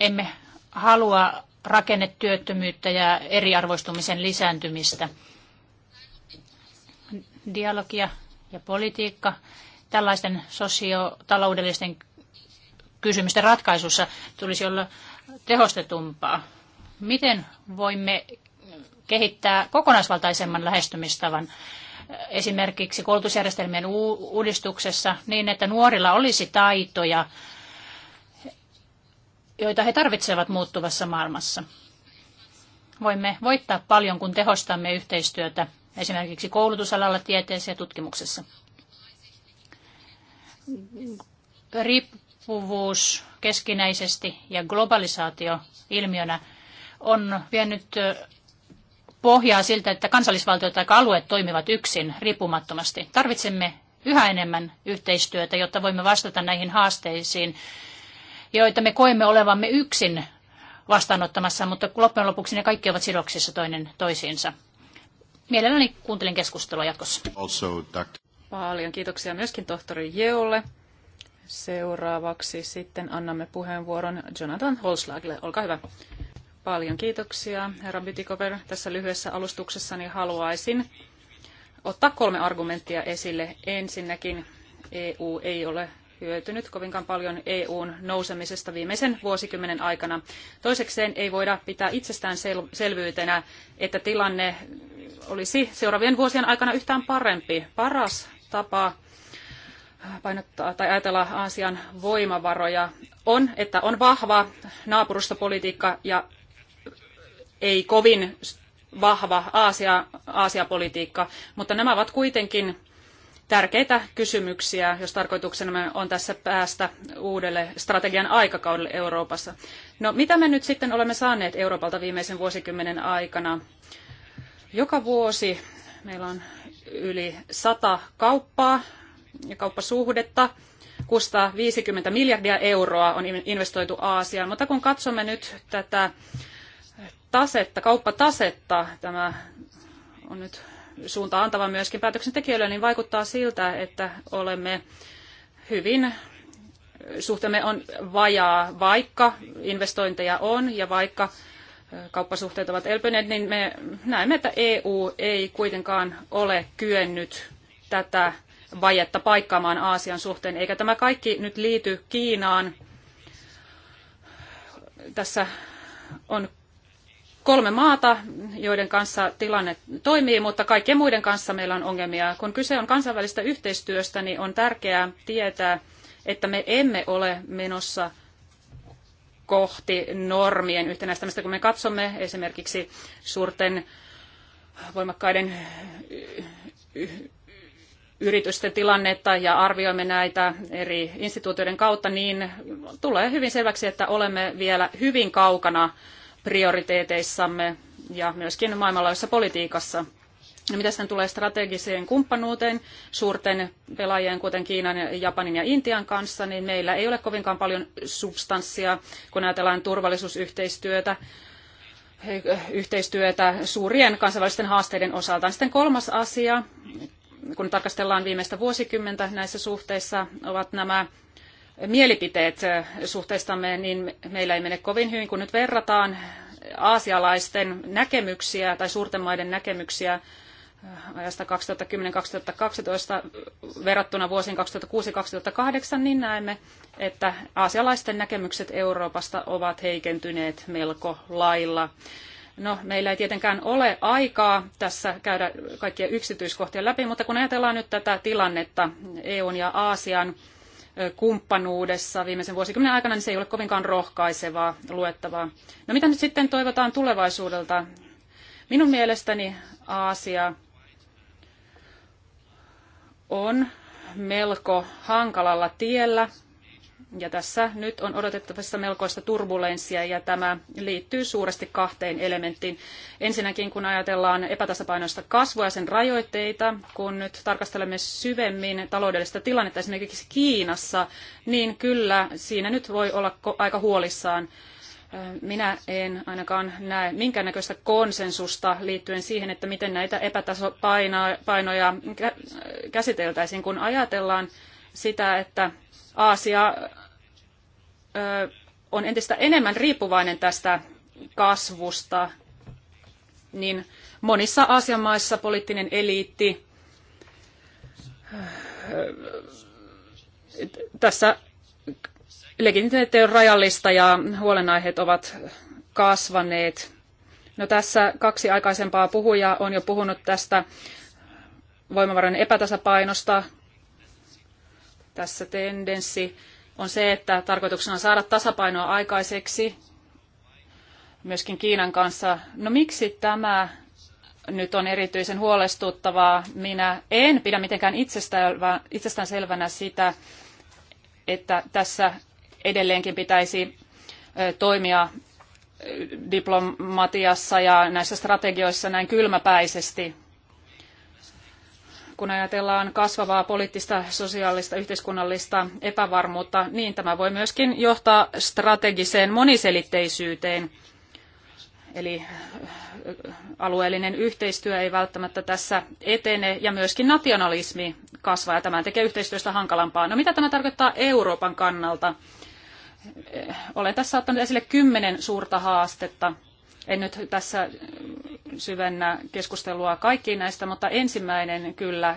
Speaker 3: Emme halua rakennetyöttömyyttä ja eriarvoistumisen lisääntymistä. Dialogia ja politiikka tällaisten sosiotaloudellisten kysymysten ratkaisussa tulisi olla tehostetumpaa. Miten voimme kehittää kokonaisvaltaisemman lähestymistavan esimerkiksi koulutusjärjestelmien uudistuksessa niin, että nuorilla olisi taitoja, joita he tarvitsevat muuttuvassa maailmassa. Voimme voittaa paljon, kun tehostamme yhteistyötä esimerkiksi koulutusalalla, tieteessä ja tutkimuksessa riippuvuus keskinäisesti ja globalisaatio ilmiönä on vienyt pohjaa siltä, että kansallisvaltiot tai alueet toimivat yksin riippumattomasti. Tarvitsemme yhä enemmän yhteistyötä, jotta voimme vastata näihin haasteisiin, joita me koemme olevamme yksin vastaanottamassa, mutta loppujen lopuksi ne kaikki ovat sidoksissa toinen
Speaker 1: toisiinsa. Mielelläni kuuntelin keskustelua jatkossa. Also, Paljon kiitoksia myöskin tohtori Jeolle. Seuraavaksi sitten annamme puheenvuoron Jonathan Holslagille. Olkaa hyvä. Paljon kiitoksia, herra Bytikover. Tässä lyhyessä alustuksessani haluaisin ottaa kolme argumenttia esille. Ensinnäkin EU ei ole hyötynyt kovinkaan paljon EUn nousemisesta viimeisen vuosikymmenen aikana. Toisekseen ei voida pitää itsestään selvyytenä, että tilanne olisi seuraavien vuosien aikana yhtään parempi. Paras tapa painottaa tai ajatella Aasian voimavaroja on, että on vahva naapurustopolitiikka ja ei kovin vahva Aasia, Aasia-politiikka, mutta nämä ovat kuitenkin tärkeitä kysymyksiä, jos tarkoituksena on tässä päästä uudelle strategian aikakaudelle Euroopassa. No mitä me nyt sitten olemme saaneet Euroopalta viimeisen vuosikymmenen aikana? Joka vuosi meillä on yli sata kauppaa ja kauppasuhdetta. 650 miljardia euroa on investoitu Aasiaan, mutta kun katsomme nyt tätä tasetta, kauppatasetta, tämä on nyt suunta antava myöskin päätöksentekijöille, niin vaikuttaa siltä, että olemme hyvin, suhteemme on vajaa, vaikka investointeja on ja vaikka kauppasuhteet ovat elpyneet, niin me näemme, että EU ei kuitenkaan ole kyennyt tätä vajetta paikkaamaan Aasian suhteen. Eikä tämä kaikki nyt liity Kiinaan. Tässä on kolme maata, joiden kanssa tilanne toimii, mutta kaikkien muiden kanssa meillä on ongelmia. Kun kyse on kansainvälistä yhteistyöstä, niin on tärkeää tietää, että me emme ole menossa kohti normien yhtenäistämistä. Kun me katsomme esimerkiksi suurten voimakkaiden yritysten tilannetta ja arvioimme näitä eri instituutioiden kautta, niin tulee hyvin selväksi, että olemme vielä hyvin kaukana prioriteeteissamme ja myöskin maailmanlaajuisessa politiikassa. Ja no, mitä sitten tulee strategiseen kumppanuuteen suurten pelaajien, kuten Kiinan, Japanin ja Intian kanssa, niin meillä ei ole kovinkaan paljon substanssia, kun ajatellaan turvallisuusyhteistyötä, yhteistyötä suurien kansainvälisten haasteiden osalta. Sitten kolmas asia, kun tarkastellaan viimeistä vuosikymmentä näissä suhteissa, ovat nämä mielipiteet suhteistamme, niin meillä ei mene kovin hyvin, kun nyt verrataan aasialaisten näkemyksiä tai suurten maiden näkemyksiä ajasta 2010-2012 verrattuna vuosiin 2006-2008, niin näemme, että aasialaisten näkemykset Euroopasta ovat heikentyneet melko lailla. No, meillä ei tietenkään ole aikaa tässä käydä kaikkia yksityiskohtia läpi, mutta kun ajatellaan nyt tätä tilannetta EUn ja Aasian kumppanuudessa viimeisen vuosikymmenen aikana, niin se ei ole kovinkaan rohkaisevaa luettavaa. No mitä nyt sitten toivotaan tulevaisuudelta? Minun mielestäni Aasia on melko hankalalla tiellä ja tässä nyt on odotettavissa melkoista turbulenssia ja tämä liittyy suuresti kahteen elementtiin. Ensinnäkin kun ajatellaan epätasapainoista kasvua ja sen rajoitteita, kun nyt tarkastelemme syvemmin taloudellista tilannetta esimerkiksi Kiinassa, niin kyllä siinä nyt voi olla aika huolissaan. Minä en ainakaan näe minkäännäköistä konsensusta liittyen siihen, että miten näitä epätasapainoja käsiteltäisiin, kun ajatellaan sitä, että Aasia on entistä enemmän riippuvainen tästä kasvusta, niin monissa Aasian maissa poliittinen eliitti tässä legitimiteetti on rajallista ja huolenaiheet ovat kasvaneet. No tässä kaksi aikaisempaa puhujaa on jo puhunut tästä voimavarojen epätasapainosta, tässä tendenssi on se, että tarkoituksena on saada tasapainoa aikaiseksi myöskin Kiinan kanssa. No miksi tämä nyt on erityisen huolestuttavaa? Minä en pidä mitenkään itsestään selvänä sitä, että tässä edelleenkin pitäisi toimia diplomatiassa ja näissä strategioissa näin kylmäpäisesti kun ajatellaan kasvavaa poliittista, sosiaalista, yhteiskunnallista epävarmuutta, niin tämä voi myöskin johtaa strategiseen moniselitteisyyteen. Eli alueellinen yhteistyö ei välttämättä tässä etene ja myöskin nationalismi kasvaa ja tämä tekee yhteistyöstä hankalampaa. No mitä tämä tarkoittaa Euroopan kannalta? Olen tässä ottanut esille kymmenen suurta haastetta. En nyt tässä syvennä keskustelua kaikkiin näistä, mutta ensimmäinen kyllä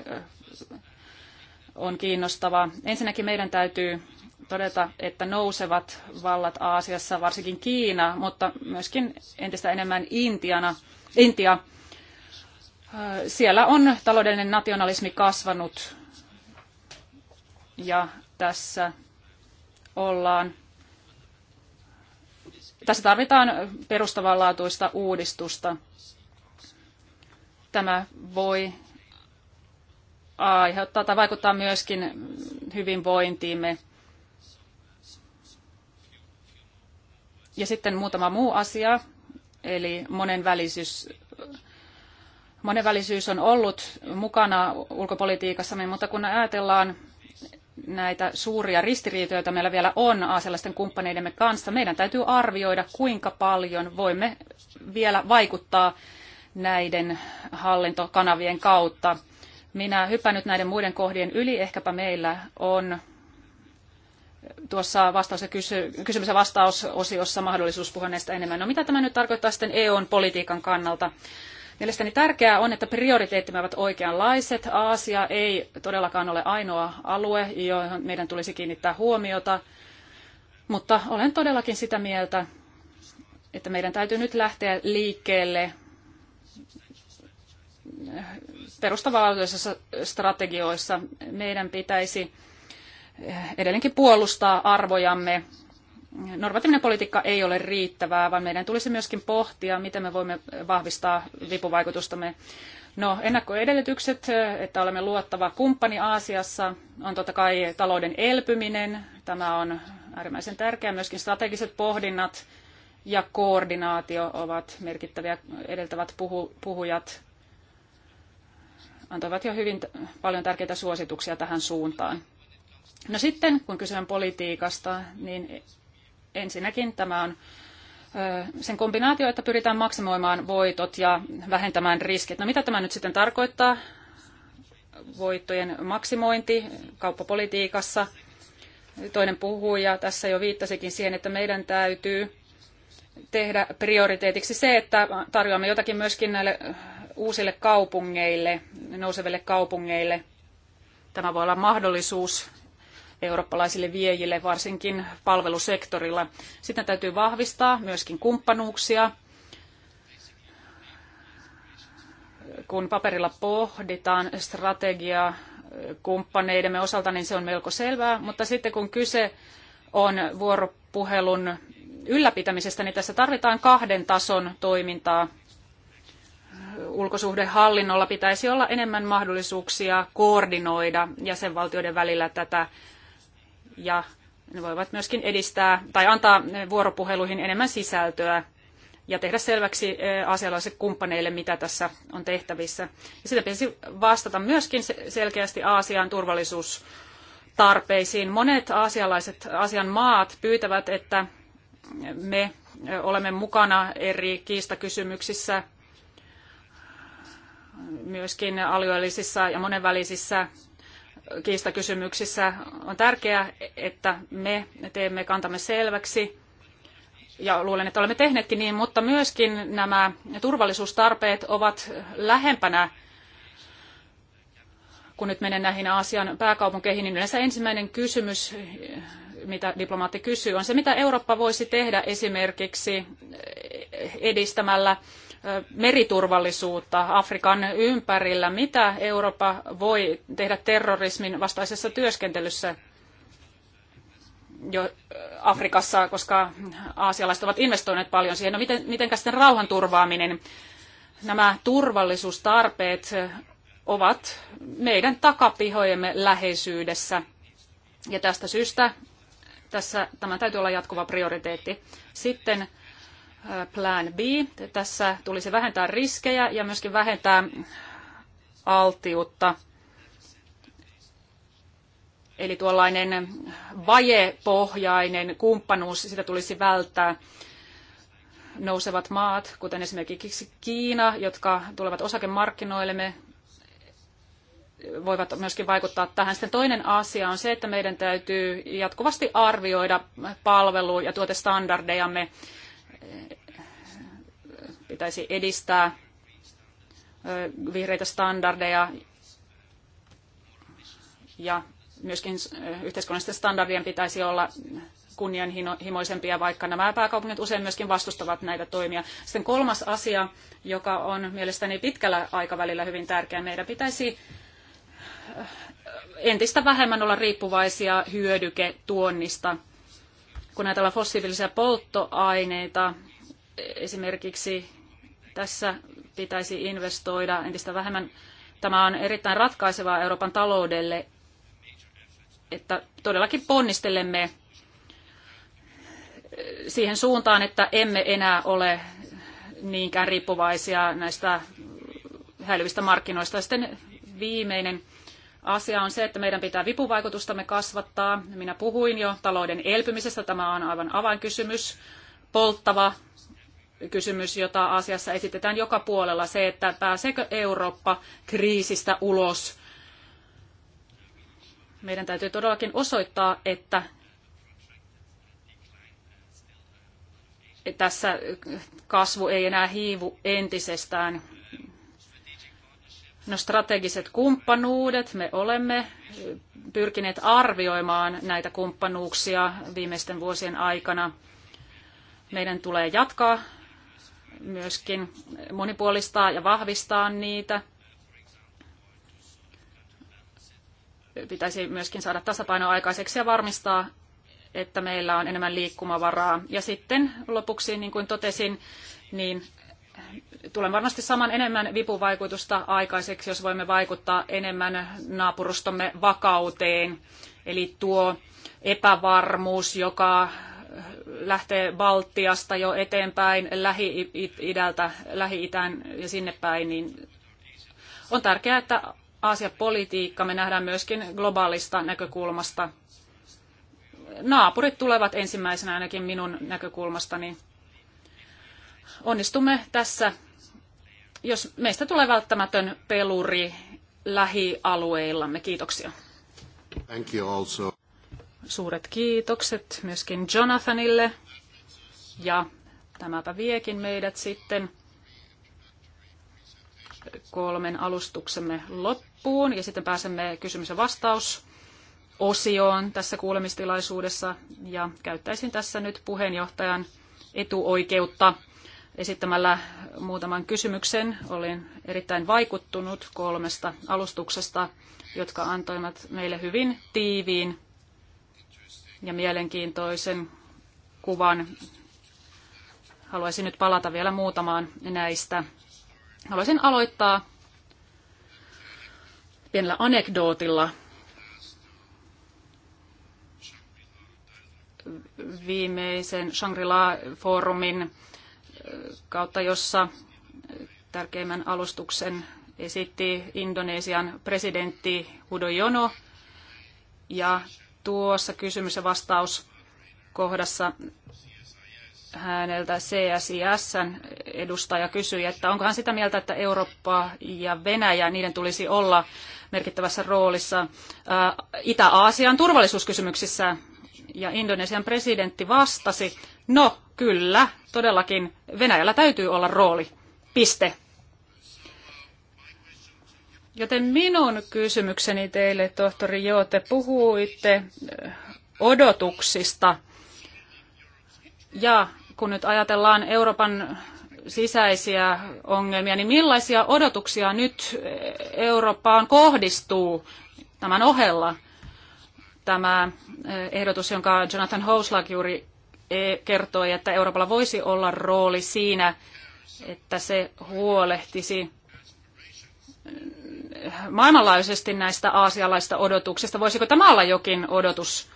Speaker 1: on kiinnostava. Ensinnäkin meidän täytyy todeta, että nousevat vallat Aasiassa, varsinkin Kiina, mutta myöskin entistä enemmän Intiana, Intia. Siellä on taloudellinen nationalismi kasvanut ja tässä ollaan tässä tarvitaan perustavanlaatuista uudistusta tämä voi aiheuttaa tai vaikuttaa myöskin hyvinvointiimme. Ja sitten muutama muu asia, eli monenvälisyys. Monenvälisyys on ollut mukana ulkopolitiikassamme, mutta kun ajatellaan näitä suuria ristiriitoja, joita meillä vielä on aasialaisten kumppaneidemme kanssa, meidän täytyy arvioida, kuinka paljon voimme vielä vaikuttaa näiden hallintokanavien kautta. Minä hypän nyt näiden muiden kohdien yli. Ehkäpä meillä on tuossa vastaus- ja kysy- kysymys- ja vastausosiossa mahdollisuus puhua näistä enemmän. No mitä tämä nyt tarkoittaa sitten EUn politiikan kannalta? Mielestäni tärkeää on, että prioriteettimme ovat oikeanlaiset. Aasia ei todellakaan ole ainoa alue, johon meidän tulisi kiinnittää huomiota, mutta olen todellakin sitä mieltä, että meidän täytyy nyt lähteä liikkeelle perustavanlaatuisissa strategioissa meidän pitäisi eh, edelleenkin puolustaa arvojamme. Normatiivinen politiikka ei ole riittävää, vaan meidän tulisi myöskin pohtia, miten me voimme vahvistaa vipuvaikutustamme. No, ennakkoedellytykset, eh, että olemme luottava kumppani Aasiassa, on totta kai talouden elpyminen. Tämä on äärimmäisen tärkeää. Myöskin strategiset pohdinnat ja koordinaatio ovat merkittäviä edeltävät puhujat antoivat jo hyvin paljon tärkeitä suosituksia tähän suuntaan. No sitten, kun kyse on politiikasta, niin ensinnäkin tämä on sen kombinaatio, että pyritään maksimoimaan voitot ja vähentämään riskit. No mitä tämä nyt sitten tarkoittaa? Voittojen maksimointi kauppapolitiikassa. Toinen puhuja tässä jo viittasikin siihen, että meidän täytyy tehdä prioriteetiksi se, että tarjoamme jotakin myöskin näille uusille kaupungeille, nouseville kaupungeille. Tämä voi olla mahdollisuus eurooppalaisille viejille, varsinkin palvelusektorilla. Sitten täytyy vahvistaa myöskin kumppanuuksia. Kun paperilla pohditaan strategiaa kumppaneidemme osalta, niin se on melko selvää, mutta sitten kun kyse on vuoropuhelun ylläpitämisestä, niin tässä tarvitaan kahden tason toimintaa ulkosuhdehallinnolla pitäisi olla enemmän mahdollisuuksia koordinoida jäsenvaltioiden välillä tätä ja ne voivat myöskin edistää tai antaa vuoropuheluihin enemmän sisältöä ja tehdä selväksi eh, asialaiset kumppaneille, mitä tässä on tehtävissä. Ja sitä pitäisi vastata myöskin selkeästi Aasian turvallisuustarpeisiin. Monet aasialaiset Aasian maat pyytävät, että me eh, olemme mukana eri kiistakysymyksissä myöskin alueellisissa ja monenvälisissä kiistakysymyksissä on tärkeää, että me teemme kantamme selväksi ja luulen, että olemme tehneetkin niin, mutta myöskin nämä turvallisuustarpeet ovat lähempänä, kun nyt menen näihin Aasian pääkaupunkeihin, niin yleensä ensimmäinen kysymys, mitä diplomaatti kysyy, on se, mitä Eurooppa voisi tehdä esimerkiksi edistämällä meriturvallisuutta Afrikan ympärillä. Mitä Eurooppa voi tehdä terrorismin vastaisessa työskentelyssä jo Afrikassa, koska aasialaiset ovat investoineet paljon siihen. No miten, mitenkä sitten rauhan turvaaminen? Nämä turvallisuustarpeet ovat meidän takapihojemme läheisyydessä. Ja tästä syystä tässä, tämä täytyy olla jatkuva prioriteetti. Sitten plan B. Tässä tulisi vähentää riskejä ja myöskin vähentää altiutta. Eli tuollainen vajepohjainen kumppanuus, sitä tulisi välttää. Nousevat maat, kuten esimerkiksi Kiina, jotka tulevat osakemarkkinoillemme, voivat myöskin vaikuttaa tähän. Sitten toinen asia on se, että meidän täytyy jatkuvasti arvioida palvelu- ja tuotestandardejamme pitäisi edistää vihreitä standardeja ja myöskin yhteiskunnallisten standardien pitäisi olla kunnianhimoisempia, vaikka nämä pääkaupungit usein myöskin vastustavat näitä toimia. Sitten kolmas asia, joka on mielestäni pitkällä aikavälillä hyvin tärkeä, meidän pitäisi entistä vähemmän olla riippuvaisia hyödyketuonnista. Kun ajatellaan fossiilisia polttoaineita, esimerkiksi tässä pitäisi investoida entistä vähemmän. Tämä on erittäin ratkaisevaa Euroopan taloudelle, että todellakin ponnistelemme siihen suuntaan, että emme enää ole niinkään riippuvaisia näistä häilyvistä markkinoista. Sitten viimeinen asia on se, että meidän pitää vipuvaikutustamme kasvattaa. Minä puhuin jo talouden elpymisestä, tämä on aivan avainkysymys. Polttava kysymys, jota asiassa esitetään joka puolella, se, että pääseekö Eurooppa kriisistä ulos. Meidän täytyy todellakin osoittaa, että tässä kasvu ei enää hiivu entisestään. No strategiset kumppanuudet, me olemme pyrkineet arvioimaan näitä kumppanuuksia viimeisten vuosien aikana. Meidän tulee jatkaa myöskin monipuolistaa ja vahvistaa niitä. Pitäisi myöskin saada tasapaino aikaiseksi ja varmistaa, että meillä on enemmän liikkumavaraa. Ja sitten lopuksi, niin kuin totesin, niin tulee varmasti saman enemmän vipuvaikutusta aikaiseksi, jos voimme vaikuttaa enemmän naapurustomme vakauteen. Eli tuo epävarmuus, joka lähtee Baltiasta jo eteenpäin Lähi-idältä, Lähi-itään ja sinne päin, niin on tärkeää, että Aasia-politiikka me nähdään myöskin globaalista näkökulmasta. Naapurit tulevat ensimmäisenä ainakin minun näkökulmastani. Onnistumme tässä, jos meistä tulee välttämätön peluri lähialueillamme. Kiitoksia.
Speaker 2: Thank you also.
Speaker 1: Suuret kiitokset myöskin Jonathanille. Ja tämäpä viekin meidät sitten kolmen alustuksemme loppuun ja sitten pääsemme kysymys- ja vastausosioon tässä kuulemistilaisuudessa ja käyttäisin tässä nyt puheenjohtajan etuoikeutta esittämällä muutaman kysymyksen. Olin erittäin vaikuttunut kolmesta alustuksesta, jotka antoivat meille hyvin tiiviin ja mielenkiintoisen kuvan. Haluaisin nyt palata vielä muutamaan näistä. Haluaisin aloittaa pienellä anekdootilla. viimeisen Shangri-La-foorumin äh, kautta, jossa tärkeimmän alustuksen esitti Indonesian presidentti Hudojono. Ja tuossa kysymys- ja vastauskohdassa häneltä CSISn edustaja kysyi, että onko hän sitä mieltä, että Eurooppa ja Venäjä, niiden tulisi olla merkittävässä roolissa äh, Itä-Aasian turvallisuuskysymyksissä. Ja Indonesian presidentti vastasi, no kyllä, todellakin Venäjällä täytyy olla rooli. Piste. Joten minun kysymykseni teille, tohtori Joo, te puhuitte odotuksista. Ja kun nyt ajatellaan Euroopan sisäisiä ongelmia, niin millaisia odotuksia nyt Eurooppaan kohdistuu tämän ohella? Tämä ehdotus, jonka Jonathan Houslag juuri e, kertoi, että Euroopalla voisi olla rooli siinä, että se huolehtisi maailmanlaajuisesti näistä aasialaisista odotuksista. Voisiko tämä olla jokin odotus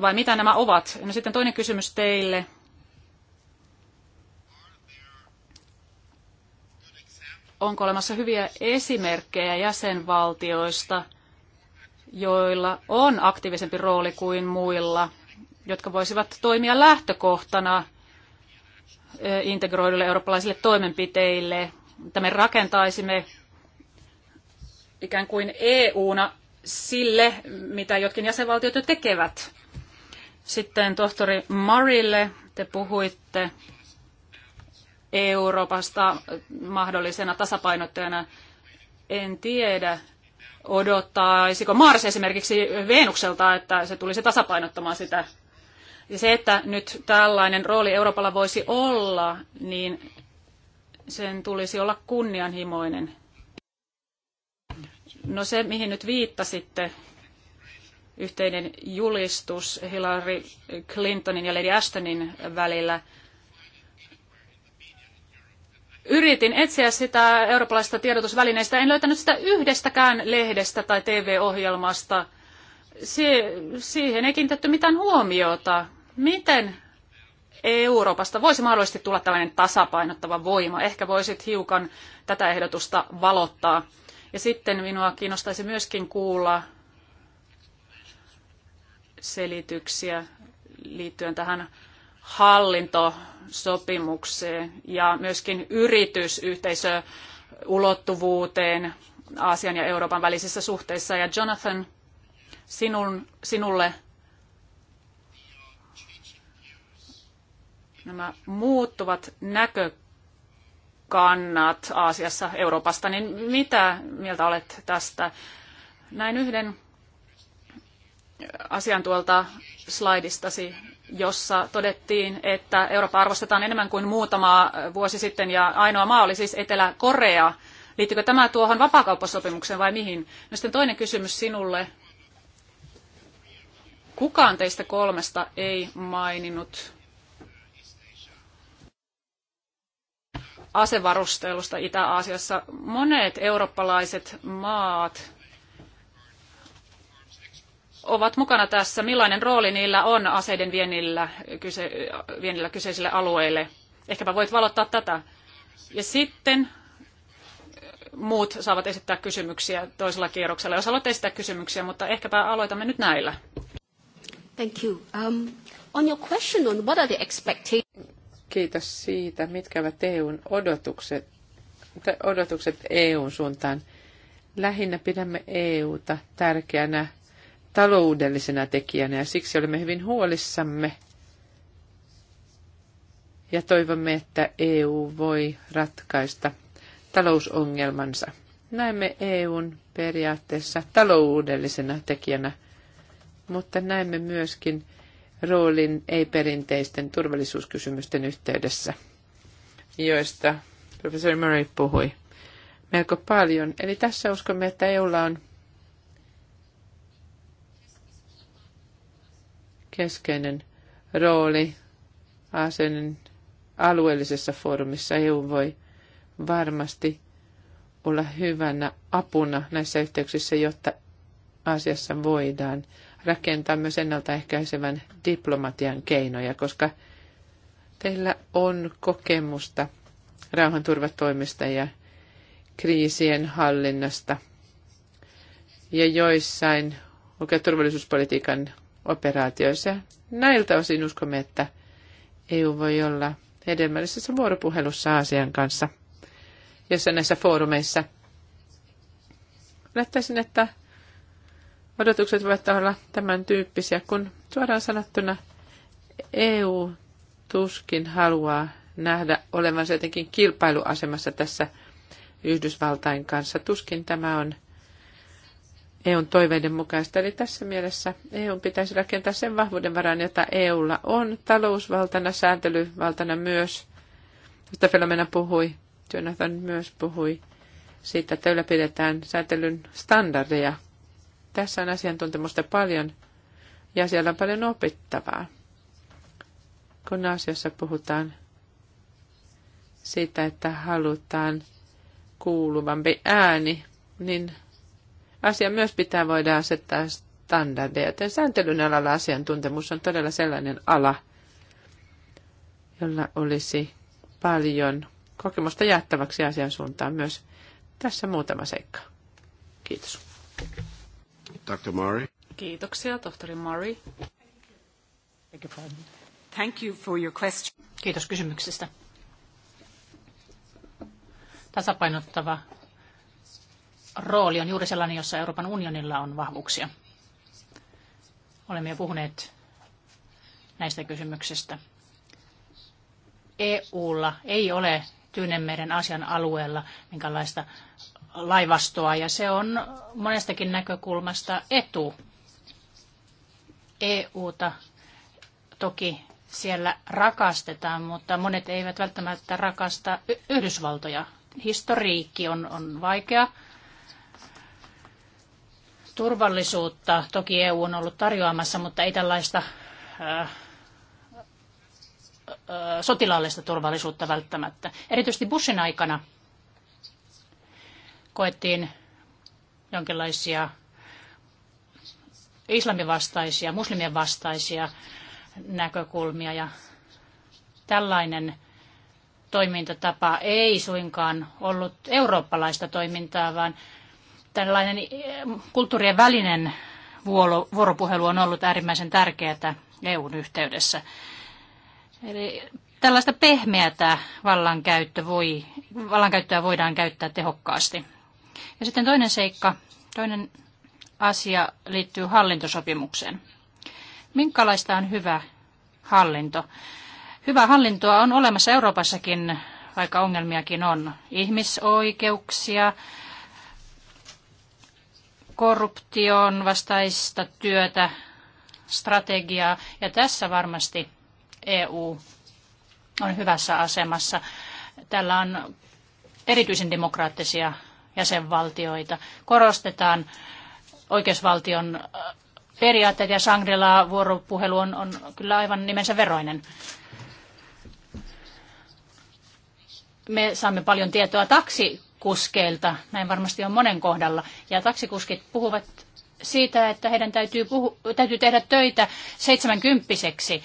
Speaker 1: vai mitä nämä ovat? No sitten toinen kysymys teille. Onko olemassa hyviä esimerkkejä jäsenvaltioista, joilla on aktiivisempi rooli kuin muilla, jotka voisivat toimia lähtökohtana eh, integroiduille eurooppalaisille toimenpiteille, että me rakentaisimme ikään kuin EU-na sille, mitä jotkin jäsenvaltiot jo tekevät. Sitten tohtori Marille te puhuitte Euroopasta mahdollisena tasapainottajana. En tiedä, odottaisiko Mars esimerkiksi Veenukselta, että se tulisi tasapainottamaan sitä. Ja se, että nyt tällainen rooli Euroopalla voisi olla, niin sen tulisi olla kunnianhimoinen. No se, mihin nyt viittasitte, yhteinen julistus Hillary Clintonin ja Lady Ashtonin välillä. Yritin etsiä sitä eurooppalaista tiedotusvälineistä. En löytänyt sitä yhdestäkään lehdestä tai TV-ohjelmasta. Si- siihen ei kiinnitetty mitään huomiota. Miten Euroopasta voisi mahdollisesti tulla tällainen tasapainottava voima? Ehkä voisit hiukan tätä ehdotusta valottaa. Ja sitten minua kiinnostaisi myöskin kuulla selityksiä liittyen tähän hallintosopimukseen ja myöskin yritysyhteisöulottuvuuteen Aasian ja Euroopan välisissä suhteissa. Ja Jonathan, sinun, sinulle nämä muuttuvat näkökulmat kannat Aasiassa, Euroopasta, niin mitä mieltä olet tästä? Näin yhden asian tuolta slaidistasi, jossa todettiin, että Eurooppa arvostetaan enemmän kuin muutama vuosi sitten ja ainoa maa oli siis Etelä-Korea. Liittyykö tämä tuohon vapaakauppasopimukseen vai mihin? No sitten toinen kysymys sinulle. Kukaan teistä kolmesta ei maininnut asevarustelusta Itä-Aasiassa. Monet eurooppalaiset maat ovat mukana tässä. Millainen rooli niillä on aseiden viennillä, kyse, viennillä kyseisille alueille? Ehkäpä voit valottaa tätä. Ja sitten muut saavat esittää kysymyksiä toisella kierroksella, jos haluat esittää kysymyksiä, mutta ehkäpä
Speaker 2: aloitamme nyt näillä. Thank you. Um, on your question on what are the expectations? kiitos siitä, mitkä ovat EUn odotukset, odotukset EUn suuntaan. Lähinnä pidämme EUta tärkeänä taloudellisena tekijänä ja siksi olemme hyvin huolissamme ja toivomme, että EU voi ratkaista talousongelmansa. Näemme EUn periaatteessa taloudellisena tekijänä, mutta näemme myöskin roolin ei-perinteisten turvallisuuskysymysten yhteydessä, joista professori Murray puhui melko paljon. Eli tässä uskomme, että EUlla on keskeinen rooli Aasian alueellisessa foorumissa. EU voi varmasti olla hyvänä apuna näissä yhteyksissä, jotta asiassa voidaan rakentaa myös ennaltaehkäisevän diplomatian keinoja, koska teillä on kokemusta rauhanturvatoimista ja kriisien hallinnasta ja joissain ulko- turvallisuuspolitiikan operaatioissa. Näiltä osin uskomme, että EU voi olla hedelmällisessä vuoropuhelussa asian kanssa, jossa näissä foorumeissa. Olettaisin, että odotukset voivat olla tämän tyyppisiä, kun suoraan sanottuna EU tuskin haluaa nähdä olevansa jotenkin kilpailuasemassa tässä Yhdysvaltain kanssa. Tuskin tämä on EUn toiveiden mukaista. Eli tässä mielessä EUn pitäisi rakentaa sen vahvuuden varaan, jota EUlla on talousvaltana, sääntelyvaltana myös, josta Filomena puhui, Jonathan myös puhui, siitä, että ylläpidetään sääntelyn standardeja tässä on asiantuntemusta paljon ja siellä on paljon opittavaa, kun asiassa puhutaan siitä, että halutaan kuuluvampi ääni, niin asia myös pitää voida asettaa standardeja. Joten sääntelyn alalla asiantuntemus on todella sellainen ala, jolla olisi paljon kokemusta jaettavaksi asian suuntaan myös. Tässä muutama seikka. Kiitos.
Speaker 1: Dr. Murray. Kiitoksia, tohtori Murray. Thank you for your question. Kiitos kysymyksestä. Tasapainottava
Speaker 3: rooli on juuri sellainen, jossa Euroopan unionilla on vahvuuksia. Olemme jo puhuneet näistä kysymyksistä. EUlla ei ole Tyynemeren asian alueella minkälaista laivastoa ja se on monestakin näkökulmasta etu EUta. Toki siellä rakastetaan, mutta monet eivät välttämättä rakasta Yhdysvaltoja. Historiikki on, on vaikea. Turvallisuutta toki EU on ollut tarjoamassa, mutta ei tällaista äh, sotilaallista turvallisuutta välttämättä. Erityisesti Bushin aikana koettiin jonkinlaisia islamivastaisia, muslimien vastaisia näkökulmia ja tällainen toimintatapa ei suinkaan ollut eurooppalaista toimintaa, vaan tällainen eh, kulttuurien välinen vuoropuhelu on ollut äärimmäisen tärkeää EUn yhteydessä. Eli tällaista pehmeätä voi, vallankäyttöä voidaan käyttää tehokkaasti. Ja sitten toinen seikka, toinen asia liittyy hallintosopimukseen. Minkälaista on hyvä hallinto? Hyvä hallintoa on olemassa Euroopassakin, vaikka ongelmiakin on. Ihmisoikeuksia, korruption vastaista työtä, strategiaa. Ja tässä varmasti EU on hyvässä asemassa. Tällä on erityisen demokraattisia jäsenvaltioita. Korostetaan oikeusvaltion äh, periaatteet ja Sangrela vuoropuhelu on, on kyllä aivan nimensä veroinen. Me saamme paljon tietoa taksikuskeilta, näin varmasti on monen kohdalla, ja taksikuskit puhuvat siitä, että heidän täytyy, puhu, täytyy tehdä töitä seitsemänkymppiseksi,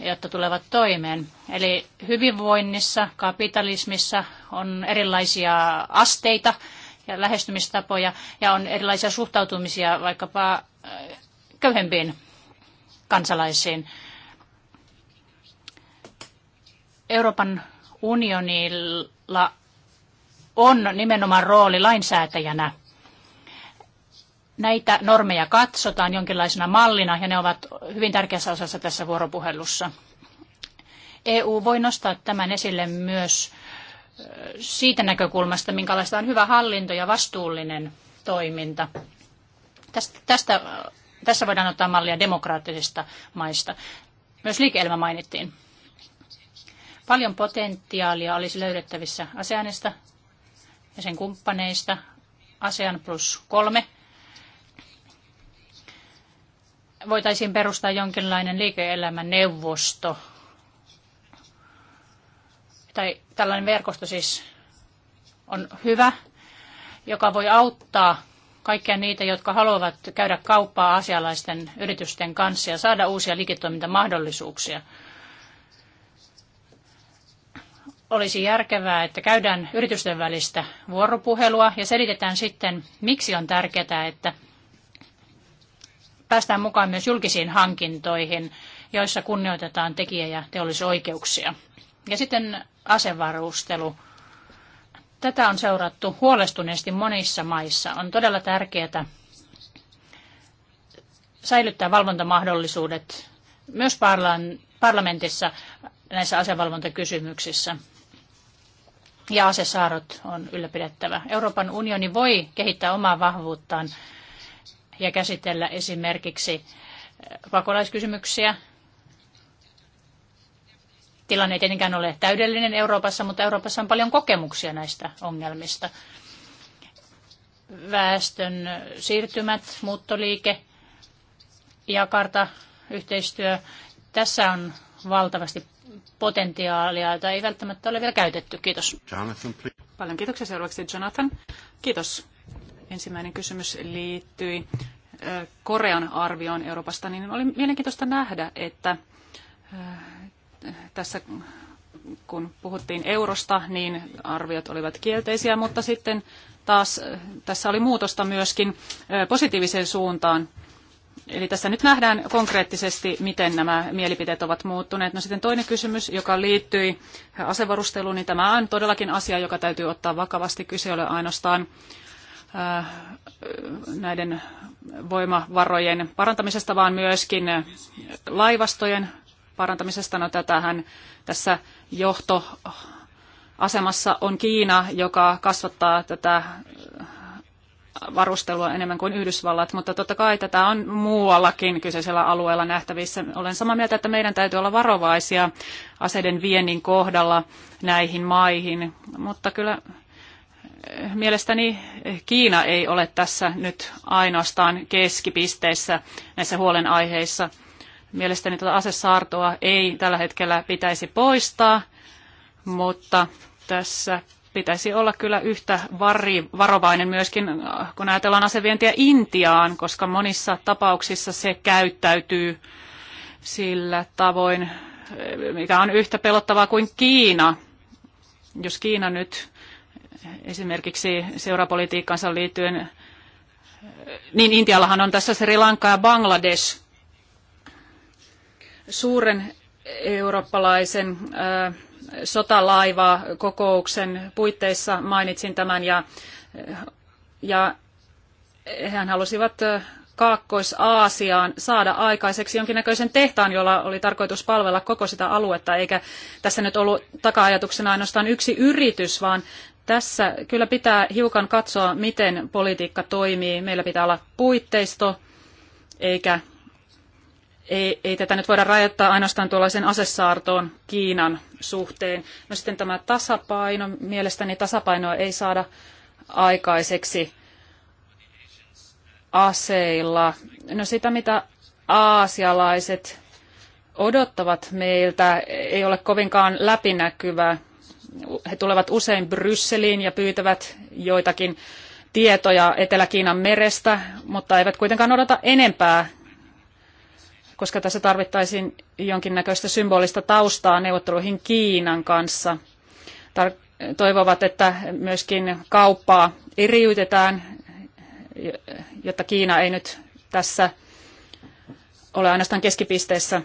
Speaker 3: jotta tulevat toimeen. Eli hyvinvoinnissa, kapitalismissa on erilaisia asteita, ja lähestymistapoja ja on erilaisia suhtautumisia vaikkapa äh, köyhempiin kansalaisiin. Euroopan unionilla on nimenomaan rooli lainsäätäjänä. Näitä normeja katsotaan jonkinlaisena mallina ja ne ovat hyvin tärkeässä osassa tässä vuoropuhelussa. EU voi nostaa tämän esille myös siitä näkökulmasta, minkälaista on hyvä hallinto ja vastuullinen toiminta. Tästä, tästä, tässä voidaan ottaa mallia demokraattisista maista. Myös liike-elämä mainittiin. Paljon potentiaalia olisi löydettävissä ASEANista ja sen kumppaneista. ASEAN plus kolme. Voitaisiin perustaa jonkinlainen liike-elämän neuvosto tai Tällainen verkosto siis on hyvä, joka voi auttaa kaikkia niitä, jotka haluavat käydä kauppaa asialaisten yritysten kanssa ja saada uusia liiketoimintamahdollisuuksia. Olisi järkevää, että käydään yritysten välistä vuoropuhelua ja selitetään sitten, miksi on tärkeää, että päästään mukaan myös julkisiin hankintoihin, joissa kunnioitetaan tekijä- ja teollisoikeuksia. Ja sitten asevarustelu. Tätä on seurattu huolestuneesti monissa maissa. On todella tärkeää säilyttää valvontamahdollisuudet myös parlamentissa näissä asevalvontakysymyksissä. Ja asesaarot on ylläpidettävä. Euroopan unioni voi kehittää omaa vahvuuttaan ja käsitellä esimerkiksi pakolaiskysymyksiä Tilanne ei tietenkään ole täydellinen Euroopassa, mutta Euroopassa on paljon kokemuksia näistä ongelmista. Väestön siirtymät, muuttoliike, jakarta, yhteistyö. Tässä on valtavasti
Speaker 1: potentiaalia, jota ei välttämättä ole vielä käytetty. Kiitos.
Speaker 3: Jonathan, please.
Speaker 1: Paljon kiitoksia seuraavaksi Jonathan. Kiitos. Ensimmäinen kysymys liittyi Korean arvioon Euroopasta, niin oli mielenkiintoista nähdä, että tässä kun puhuttiin eurosta, niin arviot olivat kielteisiä, mutta sitten taas eh, tässä oli muutosta myöskin eh, positiiviseen suuntaan. Eli tässä nyt nähdään konkreettisesti, miten nämä mielipiteet ovat muuttuneet. No sitten toinen kysymys, joka liittyi eh, asevarusteluun, niin tämä on todellakin asia, joka täytyy ottaa vakavasti. Kyse ole ainoastaan näiden voimavarojen parantamisesta, vaan myöskin laivastojen parantamisesta. No tätähän tässä johtoasemassa on Kiina, joka kasvattaa tätä äh, varustelua enemmän kuin Yhdysvallat, mutta totta kai tätä on muuallakin kyseisellä alueella nähtävissä. Olen samaa mieltä, että meidän täytyy olla varovaisia aseiden viennin kohdalla näihin maihin, mutta kyllä eh, mielestäni Kiina ei ole tässä nyt ainoastaan keskipisteessä näissä huolenaiheissa – Mielestäni tuota asesaartoa ei tällä hetkellä pitäisi poistaa, mutta tässä pitäisi olla kyllä yhtä varovainen myöskin, äh, kun ajatellaan asevientiä Intiaan, koska monissa tapauksissa se käyttäytyy sillä tavoin, äh, mikä on yhtä pelottavaa kuin Kiina. Jos Kiina nyt esimerkiksi seurapolitiikkansa liittyen, äh, niin Intiallahan on tässä Sri Lanka ja Bangladesh, suuren eurooppalaisen sotalaiva kokouksen puitteissa mainitsin tämän ja, ja hän halusivat Kaakkois-Aasiaan saada aikaiseksi jonkinnäköisen tehtaan, jolla oli tarkoitus palvella koko sitä aluetta, eikä tässä nyt ollut taka-ajatuksena ainoastaan yksi yritys, vaan tässä kyllä pitää hiukan katsoa, miten politiikka toimii. Meillä pitää olla puitteisto, eikä ei, ei tätä nyt voida rajoittaa ainoastaan tuollaisen asessaartoon Kiinan suhteen. No sitten tämä tasapaino. Mielestäni tasapainoa ei saada aikaiseksi aseilla. No sitä, mitä aasialaiset odottavat meiltä, ei ole kovinkaan läpinäkyvää. He tulevat usein Brysseliin ja pyytävät joitakin tietoja Etelä-Kiinan merestä, mutta eivät kuitenkaan odota enempää koska tässä tarvittaisiin jonkinnäköistä symbolista taustaa neuvotteluihin Kiinan kanssa. Tar- toivovat, että myöskin kauppaa eriytetään, jotta Kiina ei nyt tässä ole ainoastaan keskipisteessä.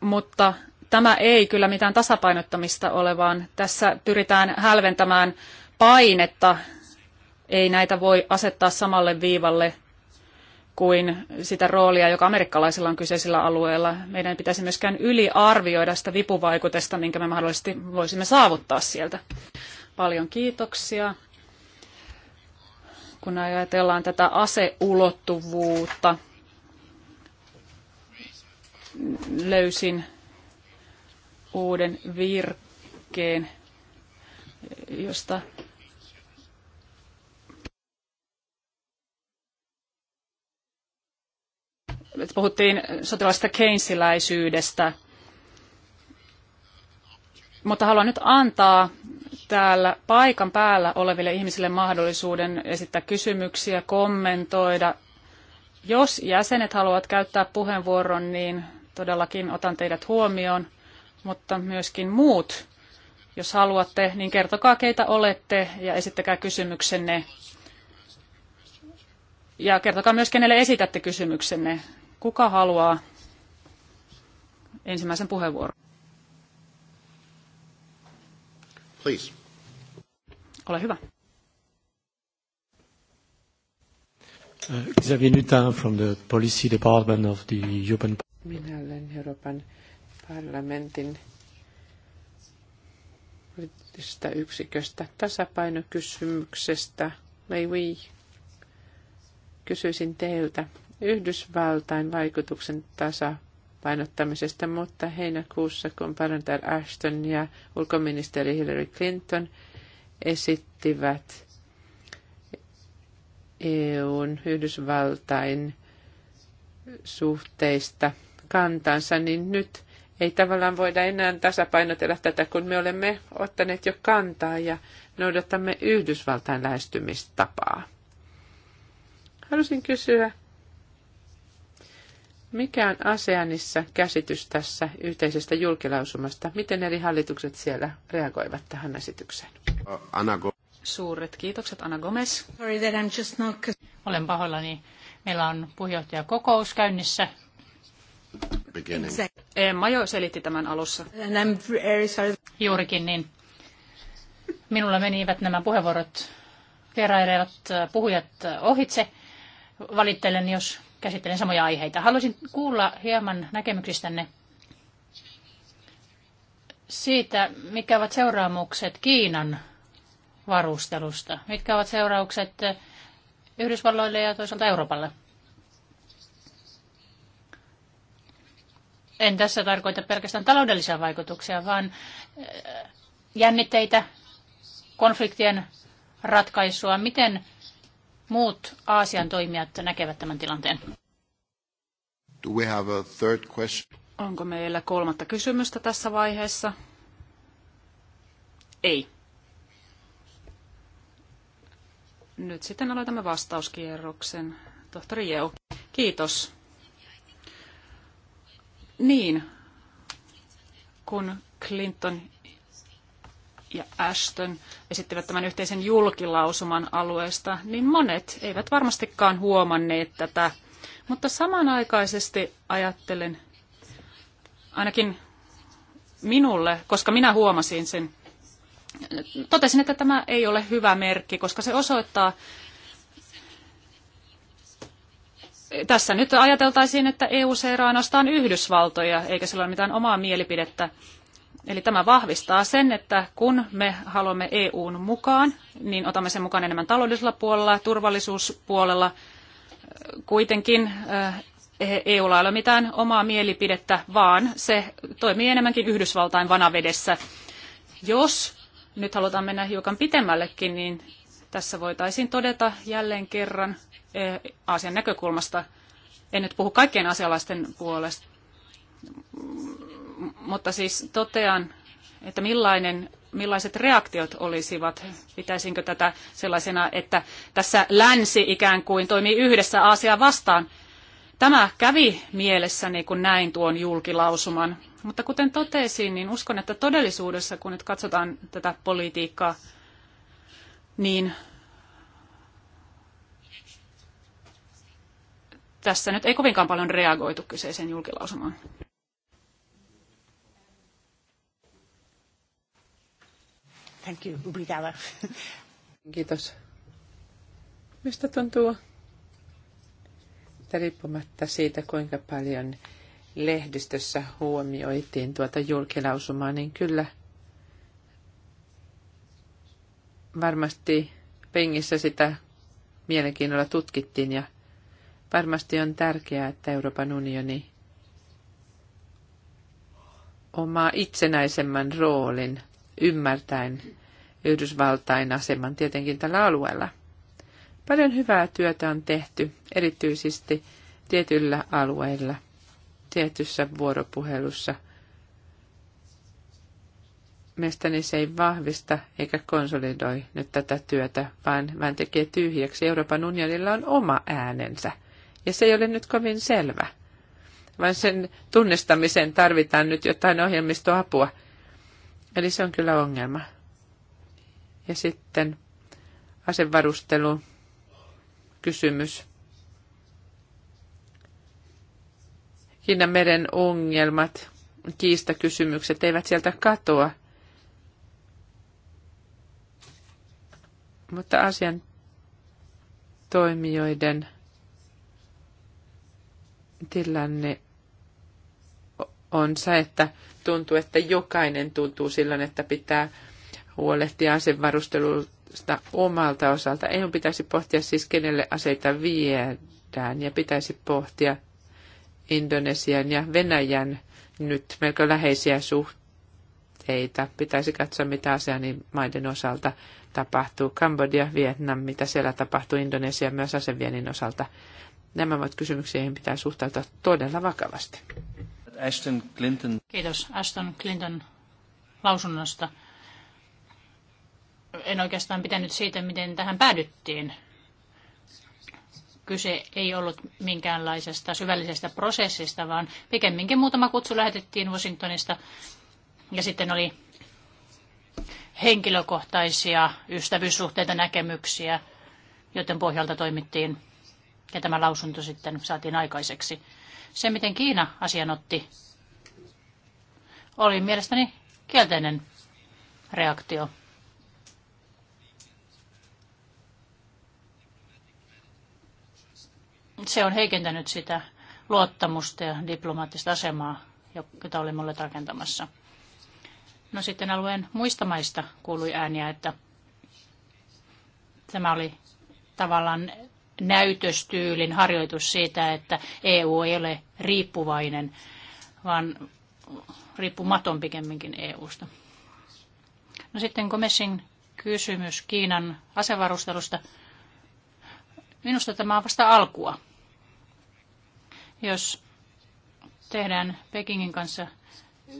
Speaker 1: Mutta tämä ei kyllä mitään tasapainottamista ole, vaan tässä pyritään hälventämään painetta. Ei näitä voi asettaa samalle viivalle – kuin sitä roolia, joka amerikkalaisilla on kyseisillä alueilla. Meidän pitäisi myöskään yliarvioida sitä vipuvaikutesta, minkä me mahdollisesti voisimme saavuttaa sieltä. Paljon kiitoksia. Kun ajatellaan tätä aseulottuvuutta, löysin uuden virkkeen, josta puhuttiin sotilaista keinsiläisyydestä, mutta haluan nyt antaa täällä paikan päällä oleville ihmisille mahdollisuuden esittää kysymyksiä, kommentoida. Jos jäsenet haluavat käyttää puheenvuoron, niin todellakin otan teidät huomioon, mutta myöskin muut, jos haluatte, niin kertokaa keitä olette ja esittäkää kysymyksenne. Ja kertokaa myös, kenelle esitätte kysymyksenne. Kuka haluaa ensimmäisen puheenvuoron?
Speaker 2: Please. Ole hyvä. Uh, Xavier Nutin from the Policy Department of the European Minä olen Euroopan parlamentin poliittisesta yksiköstä tasapainokysymyksestä. we kysyisin teiltä, Yhdysvaltain vaikutuksen tasapainottamisesta, mutta heinäkuussa, kun parantaja Ashton ja ulkoministeri Hillary Clinton esittivät EUn Yhdysvaltain suhteista kantansa, niin nyt ei tavallaan voida enää tasapainotella tätä, kun me olemme ottaneet jo kantaa ja noudatamme Yhdysvaltain lähestymistapaa. Halusin kysyä Mikään ASEANissa käsitys tässä yhteisestä julkilausumasta? Miten eri hallitukset siellä reagoivat tähän esitykseen? Suuret kiitokset, Ana Gomez. Sorry that I'm just not...
Speaker 3: Olen pahoillani. Meillä on puheenjohtajakokous käynnissä. Emma jo selitti tämän alussa. And I'm very sorry. Juurikin niin. Minulla menivät nämä puheenvuorot vierailevat puhujat ohitse. Valittelen, jos käsittelen samoja aiheita. Haluaisin kuulla hieman näkemyksistänne siitä, mitkä ovat seuraamukset Kiinan varustelusta. Mitkä ovat seuraukset Yhdysvalloille ja toisaalta Euroopalle? En tässä tarkoita pelkästään taloudellisia vaikutuksia, vaan äh, jännitteitä, konfliktien ratkaisua. Miten muut Aasian toimijat näkevät
Speaker 1: tämän tilanteen? Do we have a third question? Onko meillä kolmatta kysymystä tässä vaiheessa? Ei. Nyt sitten aloitamme vastauskierroksen. Tohtori Jeo, kiitos. Niin, kun Clinton ja Ashton esittivät tämän yhteisen julkilausuman alueesta, niin monet eivät varmastikaan huomanneet tätä. Mutta samanaikaisesti ajattelen, ainakin minulle, koska minä huomasin sen, totesin, että tämä ei ole hyvä merkki, koska se osoittaa, tässä nyt ajateltaisiin, että EU seuraa ainoastaan Yhdysvaltoja, eikä sillä ole mitään omaa mielipidettä Eli tämä vahvistaa sen, että kun me haluamme EUn mukaan, niin otamme sen mukaan enemmän taloudellisella puolella, turvallisuuspuolella. Kuitenkin eh, EUlla ei ole mitään omaa mielipidettä, vaan se toimii enemmänkin Yhdysvaltain vanavedessä. Jos nyt halutaan mennä hiukan pitemmällekin, niin tässä voitaisiin todeta jälleen kerran eh, Aasian näkökulmasta, en nyt puhu kaikkien asialaisten puolesta, mutta siis totean, että millainen, millaiset reaktiot olisivat. Pitäisinkö tätä sellaisena, että tässä länsi ikään kuin toimii yhdessä Aasiaa vastaan? Tämä kävi mielessäni, kun näin tuon julkilausuman. Mutta kuten totesin, niin uskon, että todellisuudessa, kun nyt katsotaan tätä politiikkaa, niin tässä nyt ei kovinkaan paljon reagoitu kyseiseen julkilausumaan.
Speaker 2: Thank you. Obrigada. Kiitos. Mistä tuntuu, että riippumatta siitä, kuinka paljon lehdistössä huomioitiin tuota julkilausumaa, niin kyllä varmasti pengissä sitä mielenkiinnolla tutkittiin ja varmasti on tärkeää, että Euroopan unioni omaa itsenäisemmän roolin ymmärtäen Yhdysvaltain aseman tietenkin tällä alueella. Paljon hyvää työtä on tehty, erityisesti tietyillä alueilla, tietyssä vuoropuhelussa. Mestäni se ei vahvista eikä konsolidoi nyt tätä työtä, vaan vaan tekee tyhjäksi. Euroopan unionilla on oma äänensä, ja se ei ole nyt kovin selvä. Vaan sen tunnistamiseen tarvitaan nyt jotain ohjelmistoapua – Eli se on kyllä ongelma. Ja sitten asevarustelu kysymys. Kiinanmeren ongelmat, kiistakysymykset eivät sieltä katoa. Mutta asian toimijoiden tilanne on se, että tuntuu, että jokainen tuntuu silloin, että pitää huolehtia asevarustelusta omalta osalta. Ei pitäisi pohtia siis, kenelle aseita viedään ja pitäisi pohtia Indonesian ja Venäjän nyt melko läheisiä suhteita. Pitäisi katsoa, mitä niin maiden osalta tapahtuu. Kambodja, Vietnam, mitä siellä tapahtuu, Indonesia myös aseviennin osalta. Nämä ovat kysymyksiä, joihin pitää suhtautua todella vakavasti.
Speaker 3: Ashton Clinton. Kiitos Ashton Clinton lausunnosta. En oikeastaan pitänyt siitä, miten tähän päädyttiin. Kyse ei ollut minkäänlaisesta syvällisestä prosessista, vaan pikemminkin muutama kutsu lähetettiin Washingtonista ja sitten oli henkilökohtaisia ystävyyssuhteita, näkemyksiä, joiden pohjalta toimittiin ja tämä lausunto sitten saatiin aikaiseksi. Se, miten Kiina asian otti, oli mielestäni kielteinen reaktio. Se on heikentänyt sitä luottamusta ja diplomaattista asemaa, jota olimme olleet rakentamassa. No sitten alueen muista maista kuului ääniä, että tämä oli tavallaan näytöstyylin harjoitus siitä, että EU ei ole riippuvainen, vaan riippumaton pikemminkin EUsta. No sitten Gomezin kysymys Kiinan asevarustelusta. Minusta tämä on vasta alkua. Jos tehdään Pekingin kanssa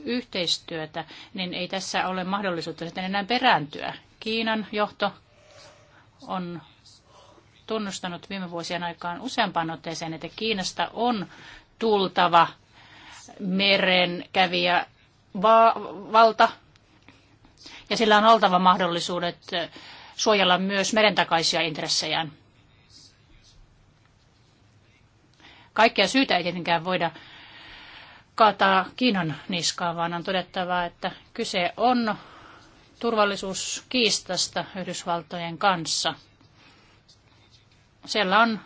Speaker 3: yhteistyötä, niin ei tässä ole mahdollisuutta sitten enää perääntyä. Kiinan johto on tunnustanut viime vuosien aikaan useampaan otteeseen, että Kiinasta on tultava merenkävijä va- valta ja sillä on oltava mahdollisuudet suojella myös merentakaisia intressejään. Kaikkea syytä ei tietenkään voida kaataa Kiinan niskaan, vaan on todettava, että kyse on turvallisuuskiistasta Yhdysvaltojen kanssa – siellä on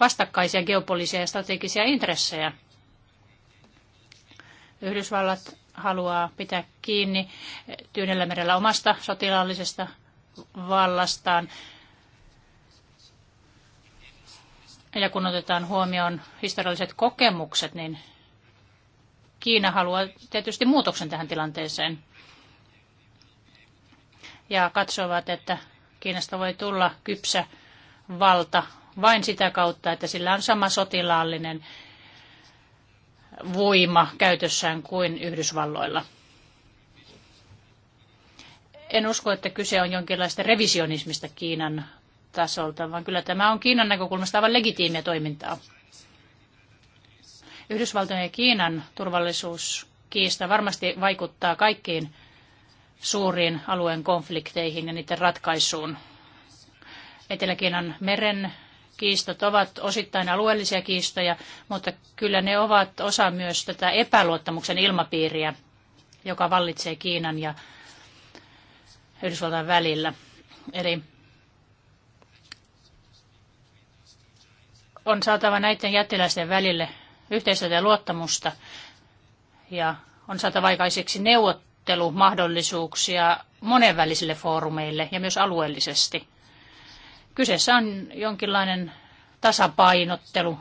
Speaker 3: vastakkaisia geopoliisia ja strategisia intressejä. Yhdysvallat haluaa pitää kiinni Tyynellä merellä omasta sotilaallisesta vallastaan. Ja kun otetaan huomioon historialliset kokemukset, niin Kiina haluaa tietysti muutoksen tähän tilanteeseen. Ja katsovat, että Kiinasta voi tulla kypsä valta vain sitä kautta, että sillä on sama sotilaallinen voima käytössään kuin Yhdysvalloilla. En usko, että kyse on jonkinlaista revisionismista Kiinan tasolta, vaan kyllä tämä on Kiinan näkökulmasta aivan legitiimiä toimintaa. Yhdysvaltojen ja Kiinan turvallisuuskiista varmasti vaikuttaa kaikkiin suuriin alueen konflikteihin ja niiden ratkaisuun Etelä-Kiinan meren kiistat ovat osittain alueellisia kiistoja, mutta kyllä ne ovat osa myös tätä epäluottamuksen ilmapiiriä, joka vallitsee Kiinan ja Yhdysvaltain välillä. Eli on saatava näiden jättiläisten välille yhteistyötä ja luottamusta ja on saatava aikaiseksi neuvottelumahdollisuuksia monenvälisille foorumeille ja myös alueellisesti. Kyseessä on jonkinlainen tasapainottelu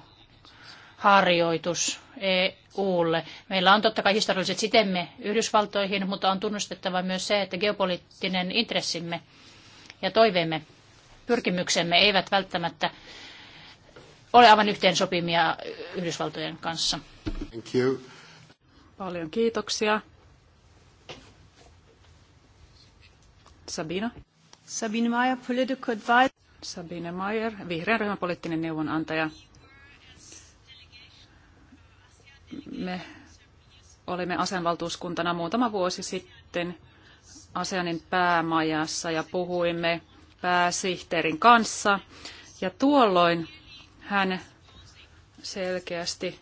Speaker 3: harjoitus EUlle. Meillä on totta kai historialliset sitemme Yhdysvaltoihin, mutta on tunnustettava myös se, että geopoliittinen intressimme ja toiveemme, pyrkimyksemme eivät välttämättä ole aivan yhteen
Speaker 1: sopimia Yhdysvaltojen kanssa. Thank you. Paljon kiitoksia. Sabina. Sabine Meyer, political advisor. Sabine Mayer, vihreän ryhmän poliittinen neuvonantaja. Me olimme asianvaltuuskuntana muutama vuosi sitten Aseanin päämajassa ja puhuimme pääsihteerin kanssa. Ja tuolloin hän selkeästi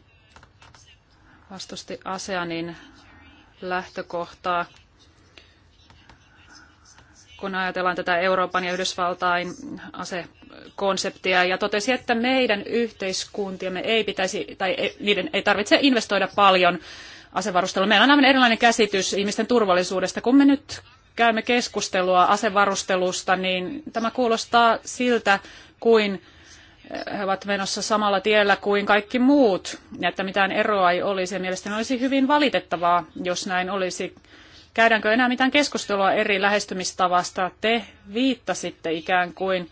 Speaker 1: vastusti Aseanin lähtökohtaa kun ajatellaan tätä Euroopan ja Yhdysvaltain asekonseptia, ja totesi, että meidän yhteiskuntiamme ei pitäisi, tai niiden ei tarvitse investoida paljon asevarustelua. Meillä on aivan erilainen käsitys ihmisten turvallisuudesta. Kun me nyt käymme keskustelua asevarustelusta, niin tämä kuulostaa siltä, kuin eh, he ovat menossa samalla tiellä kuin kaikki muut, ja että mitään eroa ei olisi. Ja mielestäni olisi hyvin valitettavaa, jos näin olisi käydäänkö enää mitään keskustelua eri lähestymistavasta. Te viittasitte ikään kuin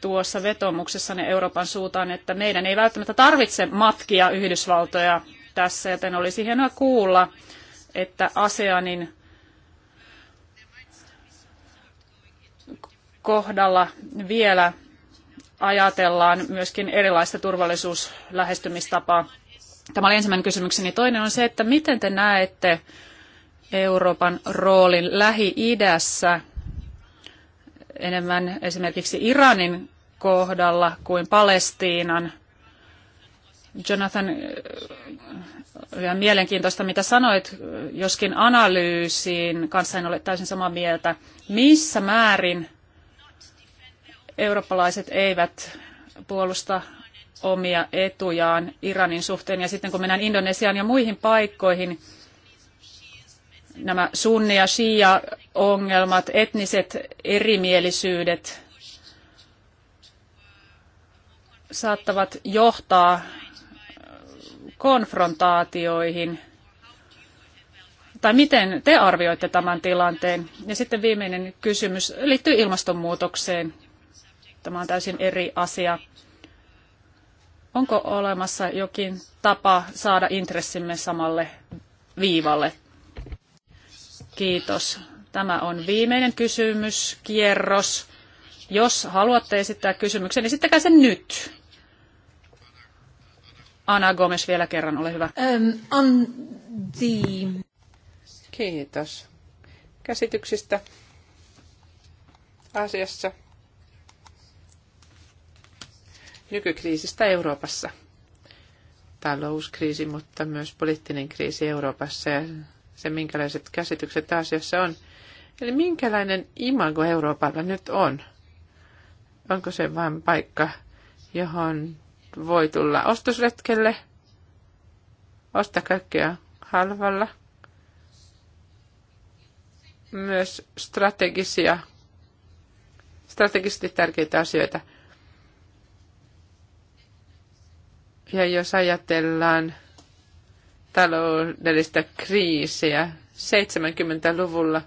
Speaker 1: tuossa vetomuksessanne Euroopan suuntaan, että meidän ei välttämättä tarvitse matkia Yhdysvaltoja tässä, joten olisi hienoa kuulla, että ASEANin kohdalla vielä ajatellaan myöskin erilaista turvallisuuslähestymistapaa. Tämä oli ensimmäinen kysymykseni. Toinen on se, että miten te näette Euroopan roolin Lähi-idässä enemmän esimerkiksi Iranin kohdalla kuin Palestiinan. Jonathan, äh, ihan mielenkiintoista, mitä sanoit, joskin analyysiin kanssa en ole täysin samaa mieltä. Missä määrin eurooppalaiset eivät puolusta omia etujaan Iranin suhteen? Ja sitten kun mennään Indonesiaan ja muihin paikkoihin, nämä sunni- ja shia-ongelmat, etniset erimielisyydet saattavat johtaa konfrontaatioihin. Tai miten te arvioitte tämän tilanteen? Ja sitten viimeinen kysymys liittyy ilmastonmuutokseen. Tämä on täysin eri asia. Onko olemassa jokin tapa saada intressimme samalle viivalle Kiitos. Tämä on viimeinen kysymyskierros. Jos haluatte esittää kysymyksen, niin esittäkää sen nyt. Ana Gomes vielä kerran, ole hyvä.
Speaker 2: Um, on the... Kiitos käsityksistä asiassa nykykriisistä Euroopassa. Talouskriisi, mutta myös poliittinen kriisi Euroopassa ja se, minkälaiset käsitykset asiassa on. Eli minkälainen imago Euroopalla nyt on? Onko se vain paikka, johon voi tulla ostosretkelle, ostaa kaikkea halvalla? Myös strategisia, strategisesti tärkeitä asioita. Ja jos ajatellaan taloudellista kriisiä 70-luvulla.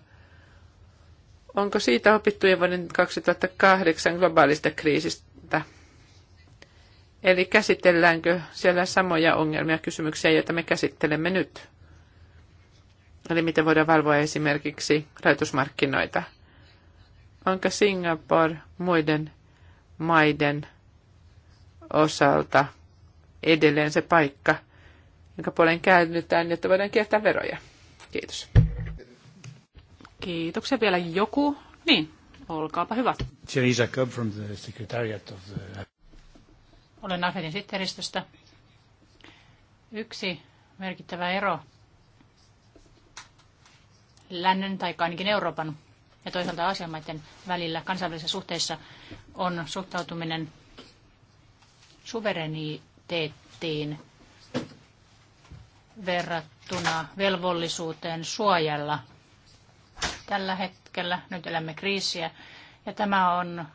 Speaker 2: Onko siitä jo vuoden 2008 globaalista kriisistä? Eli käsitelläänkö siellä samoja ongelmia kysymyksiä, joita me käsittelemme nyt? Eli miten voidaan valvoa esimerkiksi rahoitusmarkkinoita? Onko Singapore muiden maiden osalta edelleen se paikka – jonka puolen käännytään, jotta voidaan kiertää veroja. Kiitos. Kiitoksia. Vielä joku?
Speaker 1: Niin, olkaapa hyvä.
Speaker 3: from the Secretariat of the... Olen Afetin sitteristöstä. Yksi merkittävä ero lännen tai ainakin Euroopan ja toisaalta asianmaiden välillä kansainvälisissä suhteissa on suhtautuminen suvereniteettiin verrattuna velvollisuuteen suojella. Tällä hetkellä nyt elämme kriisiä ja tämä on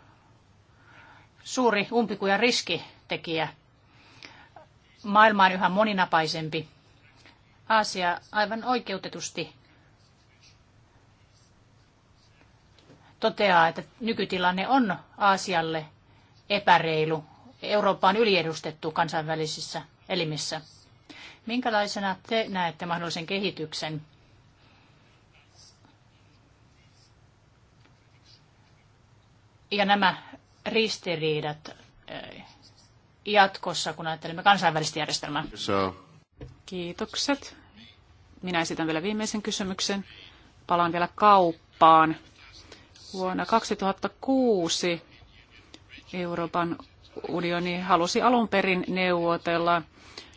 Speaker 3: suuri umpikuja riskitekijä. Maailma on yhä moninapaisempi. Aasia aivan oikeutetusti toteaa, että nykytilanne on Aasialle epäreilu. Eurooppa on yliedustettu kansainvälisissä elimissä. Minkälaisena te näette mahdollisen kehityksen? Ja nämä ristiriidat eh, jatkossa, kun
Speaker 1: ajattelemme kansainvälistä järjestelmää. So. Kiitokset. Minä esitän vielä viimeisen kysymyksen. Palaan vielä kauppaan. Vuonna 2006 Euroopan unioni halusi alun perin neuvotella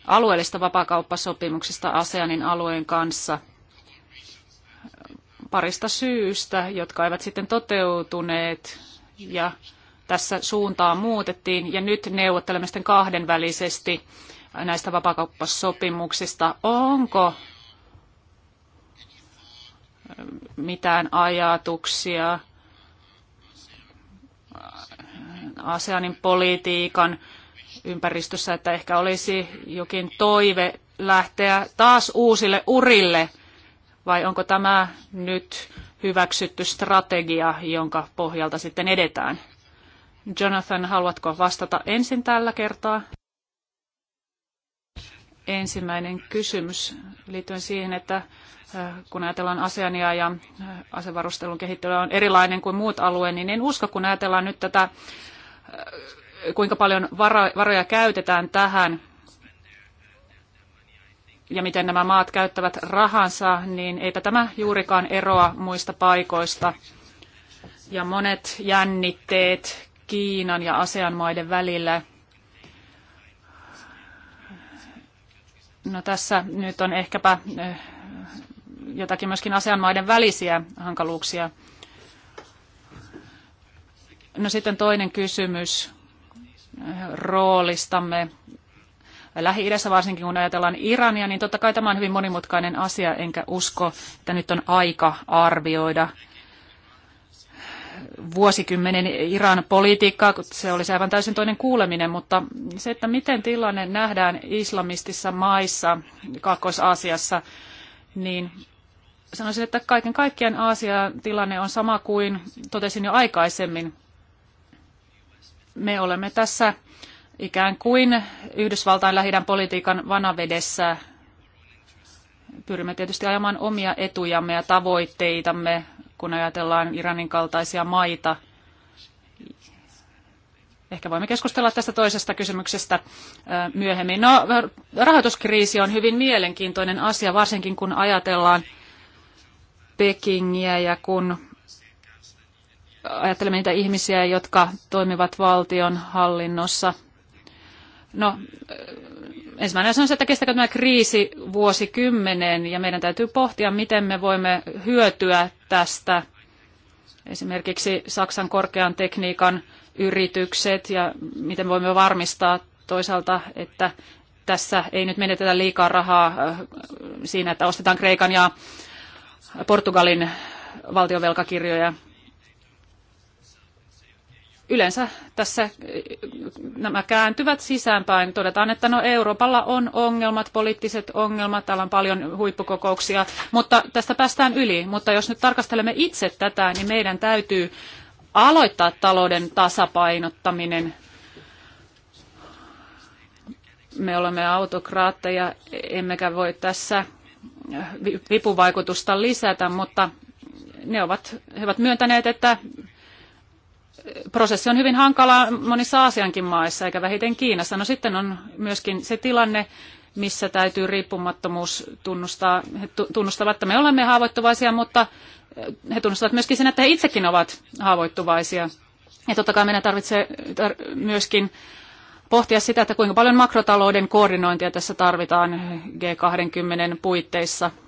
Speaker 1: alueellista vapakauppasopimuksesta ASEANin alueen kanssa parista syystä, jotka eivät sitten toteutuneet ja tässä suuntaa muutettiin ja nyt neuvottelemme sitten kahdenvälisesti näistä vapakauppasopimuksista. Onko mitään ajatuksia ASEANin politiikan ympäristössä, että ehkä olisi jokin toive lähteä taas uusille urille, vai onko tämä nyt hyväksytty strategia, jonka pohjalta sitten edetään? Jonathan, haluatko vastata ensin tällä kertaa? Ensimmäinen kysymys liittyen siihen, että äh, kun ajatellaan ASEANia ja äh, asevarustelun kehittelyä on erilainen kuin muut alueet, niin en usko, kun ajatellaan nyt tätä äh, kuinka paljon varoja käytetään tähän ja miten nämä maat käyttävät rahansa, niin eipä tämä juurikaan eroa muista paikoista. Ja monet jännitteet Kiinan ja ASEAN maiden välillä. No tässä nyt on ehkäpä eh, jotakin myöskin ASEAN maiden välisiä hankaluuksia. No sitten toinen kysymys roolistamme Lähi-idässä, varsinkin kun ajatellaan Irania, niin totta kai tämä on hyvin monimutkainen asia, enkä usko, että nyt on aika arvioida vuosikymmenen Iran politiikkaa, se olisi aivan täysin toinen kuuleminen, mutta se, että miten tilanne nähdään islamistissa maissa, Kaakkois-Aasiassa, niin sanoisin, että kaiken kaikkiaan Aasian tilanne on sama kuin totesin jo aikaisemmin me olemme tässä ikään kuin Yhdysvaltain lähidän politiikan vanavedessä. Pyrimme tietysti ajamaan omia etujamme ja tavoitteitamme, kun ajatellaan Iranin kaltaisia maita. Ehkä voimme keskustella tästä toisesta kysymyksestä myöhemmin. No, rahoituskriisi on hyvin mielenkiintoinen asia, varsinkin kun ajatellaan Pekingiä ja kun ajattelemme niitä ihmisiä, jotka toimivat valtion hallinnossa. No, äh, ensimmäinen on se, että kestääkö tämä kriisi vuosikymmenen ja meidän täytyy pohtia, miten me voimme hyötyä tästä. Esimerkiksi Saksan korkean tekniikan yritykset ja miten voimme varmistaa toisaalta, että tässä ei nyt menetetä liikaa rahaa äh, siinä, että ostetaan Kreikan ja Portugalin valtiovelkakirjoja yleensä tässä nämä kääntyvät sisäänpäin. Todetaan, että no Euroopalla on ongelmat, poliittiset ongelmat, täällä on paljon huippukokouksia, mutta tästä päästään yli. Mutta jos nyt tarkastelemme itse tätä, niin meidän täytyy aloittaa talouden tasapainottaminen. Me olemme autokraatteja, emmekä voi tässä vipuvaikutusta lisätä, mutta ne ovat, he ovat myöntäneet, että prosessi on hyvin hankala monissa Aasiankin maissa, eikä vähiten Kiinassa. No sitten on myöskin se tilanne, missä täytyy riippumattomuus tunnustaa. He tunnustavat, että me olemme haavoittuvaisia, mutta eh, he tunnustavat myöskin sen, että he itsekin ovat haavoittuvaisia. Ja totta kai meidän tarvitsee myöskin pohtia sitä, että kuinka paljon makrotalouden koordinointia tässä tarvitaan G20 puitteissa –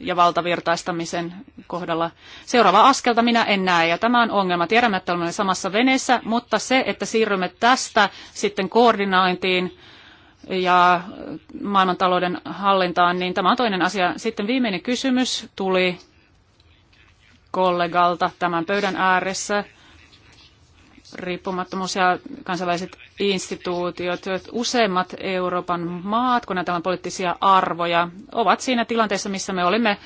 Speaker 1: ja valtavirtaistamisen kohdalla. Seuraava askelta minä en näe, ja tämä on ongelma. Tiedämme, että olemme samassa veneessä, mutta se, että siirrymme tästä sitten koordinointiin ja maailmantalouden hallintaan, niin tämä on toinen asia. Sitten viimeinen kysymys tuli kollegalta tämän pöydän ääressä riippumattomuus ja kansalaiset instituutiot. Useimmat Euroopan maat, kun ajatellaan poliittisia arvoja, ovat siinä tilanteessa, missä me olimme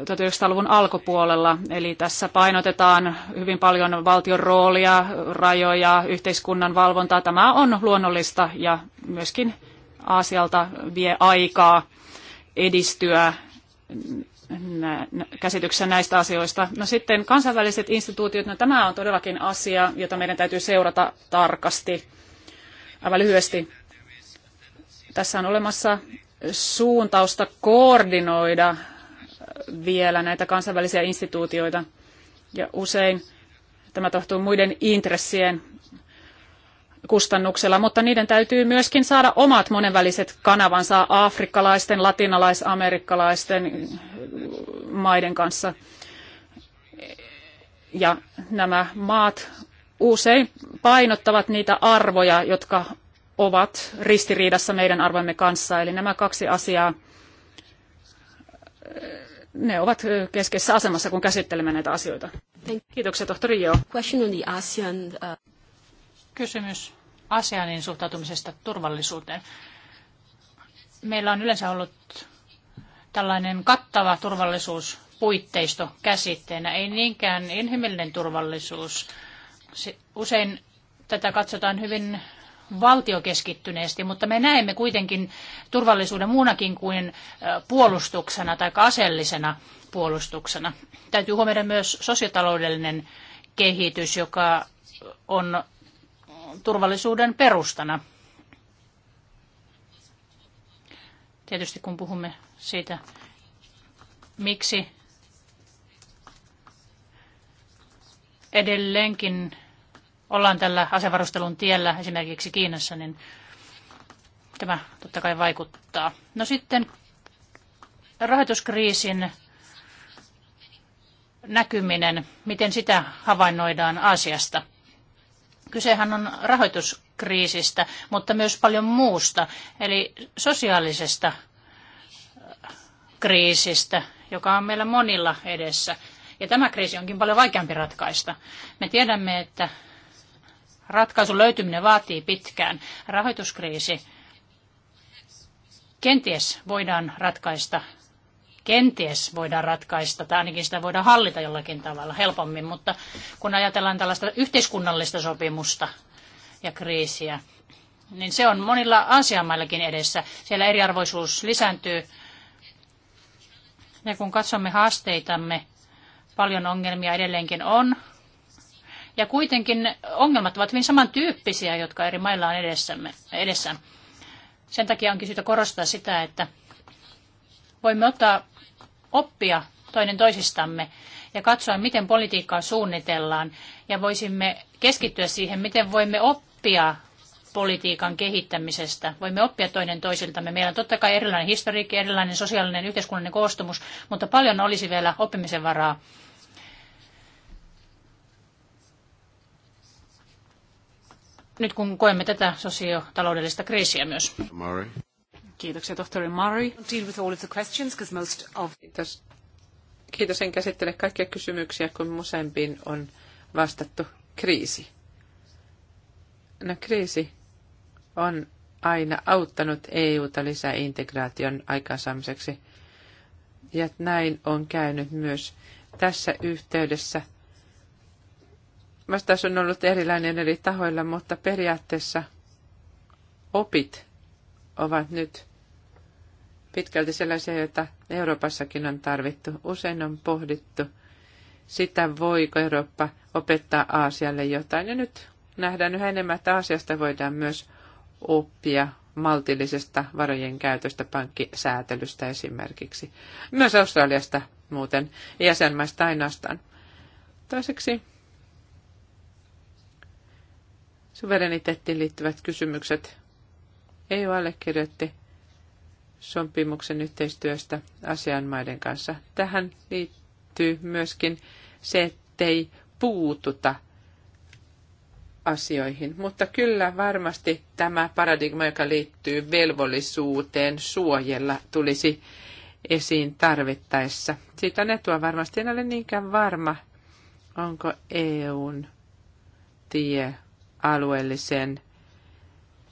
Speaker 1: 1900-luvun alkupuolella. Eli tässä painotetaan hyvin paljon valtion roolia, rajoja, yhteiskunnan valvontaa. Tämä on luonnollista ja myöskin Aasialta vie aikaa edistyä nä, käsityksen näistä asioista. No sitten kansainväliset instituutiot, no tämä on todellakin asia, jota meidän täytyy seurata tarkasti. Aivan lyhyesti. Tässä on olemassa suuntausta koordinoida vielä näitä kansainvälisiä instituutioita. Ja usein tämä tohtuu muiden intressien kustannuksella, mutta niiden täytyy myöskin saada omat monenväliset kanavansa afrikkalaisten, latinalaisamerikkalaisten maiden kanssa. Ja nämä maat usein painottavat niitä arvoja, jotka ovat ristiriidassa meidän arvoimme kanssa. Eli nämä kaksi asiaa, ne ovat keskeisessä asemassa, kun käsittelemme näitä asioita.
Speaker 3: Kiitoksia, tohtori Joo. Uh, Kysymys ASEANin suhtautumisesta turvallisuuteen. Meillä on yleensä ollut tällainen kattava turvallisuuspuitteisto käsitteenä, ei niinkään inhimillinen turvallisuus. Usein tätä katsotaan hyvin valtiokeskittyneesti, mutta me näemme kuitenkin turvallisuuden muunakin kuin puolustuksena tai aseellisena puolustuksena. Täytyy huomioida myös sosiotaloudellinen kehitys, joka on turvallisuuden perustana. Tietysti kun puhumme siitä, miksi edelleenkin ollaan tällä asevarustelun tiellä esimerkiksi Kiinassa, niin tämä totta kai vaikuttaa. No sitten rahoituskriisin näkyminen, miten sitä havainnoidaan Aasiasta – Kysehän on rahoituskriisistä, mutta myös paljon muusta, eli sosiaalisesta äh, kriisistä, joka on meillä monilla edessä. Ja tämä kriisi onkin paljon vaikeampi ratkaista. Me tiedämme, että ratkaisun löytyminen vaatii pitkään. Rahoituskriisi kenties voidaan ratkaista kenties voidaan ratkaista, tai ainakin sitä voidaan hallita jollakin tavalla helpommin, mutta kun ajatellaan tällaista yhteiskunnallista sopimusta ja kriisiä, niin se on monilla asiamaillakin edessä. Siellä eriarvoisuus lisääntyy. Ja kun katsomme haasteitamme, paljon ongelmia edelleenkin on. Ja kuitenkin ongelmat ovat hyvin samantyyppisiä, jotka eri mailla on edessämme, edessä. Sen takia onkin syytä korostaa sitä, että voimme ottaa oppia toinen toisistamme ja katsoa, miten politiikkaa suunnitellaan. Ja voisimme keskittyä siihen, miten voimme oppia politiikan kehittämisestä. Voimme oppia toinen toisiltamme. Meillä on totta kai erilainen historiikki, erilainen sosiaalinen yhteiskunnallinen koostumus, mutta paljon olisi vielä oppimisen varaa. Nyt kun koemme tätä
Speaker 2: sosiotaloudellista kriisiä myös. Murray. Kiitoksia, tohtori Murray. Deal with all of the questions, most of... Kiitos. Kiitos, en käsittele kaikkia kysymyksiä, kun useimpiin on vastattu kriisi. No kriisi on aina auttanut EUta lisää integraation aikaansaamiseksi. Ja näin on käynyt myös tässä yhteydessä. Vastaus on ollut erilainen eri tahoilla, mutta periaatteessa opit ovat nyt pitkälti sellaisia, joita Euroopassakin on tarvittu. Usein on pohdittu sitä, voiko Eurooppa opettaa Aasialle jotain. Ja nyt nähdään yhä enemmän, että Aasiasta voidaan myös oppia maltillisesta varojen käytöstä, pankkisäätelystä esimerkiksi. Myös Australiasta muuten, jäsenmaista ainoastaan. Toiseksi suvereniteettiin liittyvät kysymykset EU allekirjoitti sopimuksen yhteistyöstä asianmaiden kanssa. Tähän liittyy myöskin se, ettei puututa asioihin. Mutta kyllä varmasti tämä paradigma, joka liittyy velvollisuuteen suojella, tulisi esiin tarvittaessa. Siitä on etua varmasti. En ole niinkään varma, onko EUn tie alueelliseen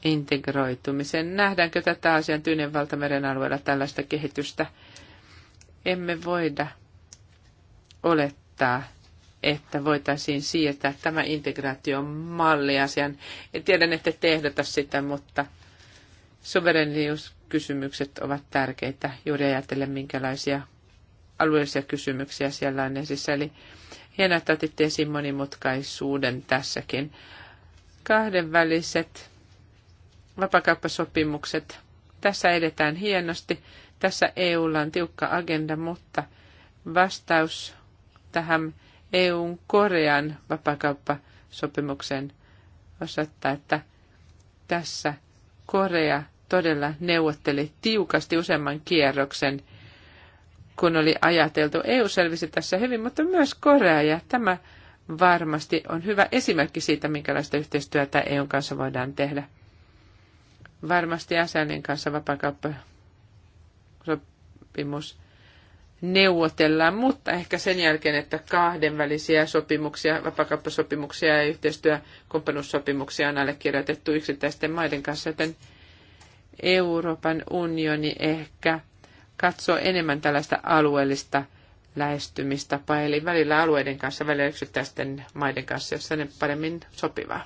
Speaker 2: integroitumisen. Nähdäänkö tätä asian Tyynen valtameren alueella tällaista kehitystä? Emme voida olettaa, että voitaisiin siirtää tämä integraation malliasian. Tiedän, että te ehdota sitä, mutta suverenisuuskysymykset ovat tärkeitä juuri ajatellen, minkälaisia alueellisia kysymyksiä siellä on esissä. Eli hienoa, että otitte esiin monimutkaisuuden tässäkin. Kahdenväliset vapakauppasopimukset. Tässä edetään hienosti. Tässä EUlla on tiukka agenda, mutta vastaus tähän EUn Korean vapakauppasopimukseen osoittaa, että tässä Korea todella neuvotteli tiukasti useamman kierroksen, kun oli ajateltu. EU selvisi tässä hyvin, mutta myös Korea ja tämä varmasti on hyvä esimerkki siitä, minkälaista yhteistyötä EUn kanssa voidaan tehdä varmasti Asanin kanssa vapakauppasopimus neuvotellaan, mutta ehkä sen jälkeen, että kahdenvälisiä sopimuksia, vapakauppasopimuksia ja yhteistyökumppanuussopimuksia on allekirjoitettu yksittäisten maiden kanssa, joten Euroopan unioni ehkä katsoo enemmän tällaista alueellista lähestymistapaa, eli välillä alueiden kanssa, välillä yksittäisten maiden kanssa, jossa ne paremmin sopivaa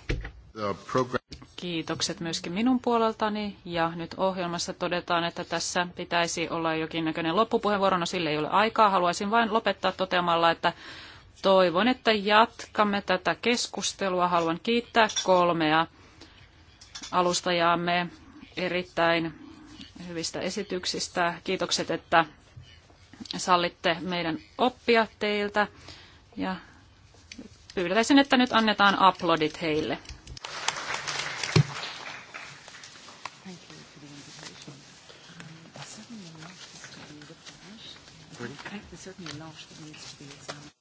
Speaker 2: kiitokset myöskin
Speaker 1: minun puoleltani. Ja nyt ohjelmassa todetaan, että tässä pitäisi olla jokin näköinen loppupuheenvuoro, no sille ei ole aikaa. Haluaisin vain lopettaa toteamalla, että toivon, että jatkamme tätä keskustelua. Haluan kiittää kolmea alustajaamme erittäin hyvistä esityksistä. Kiitokset, että sallitte meidän oppia teiltä ja pyydäisin, että nyt annetaan aplodit heille.
Speaker 2: certain a lot that needs to be examined.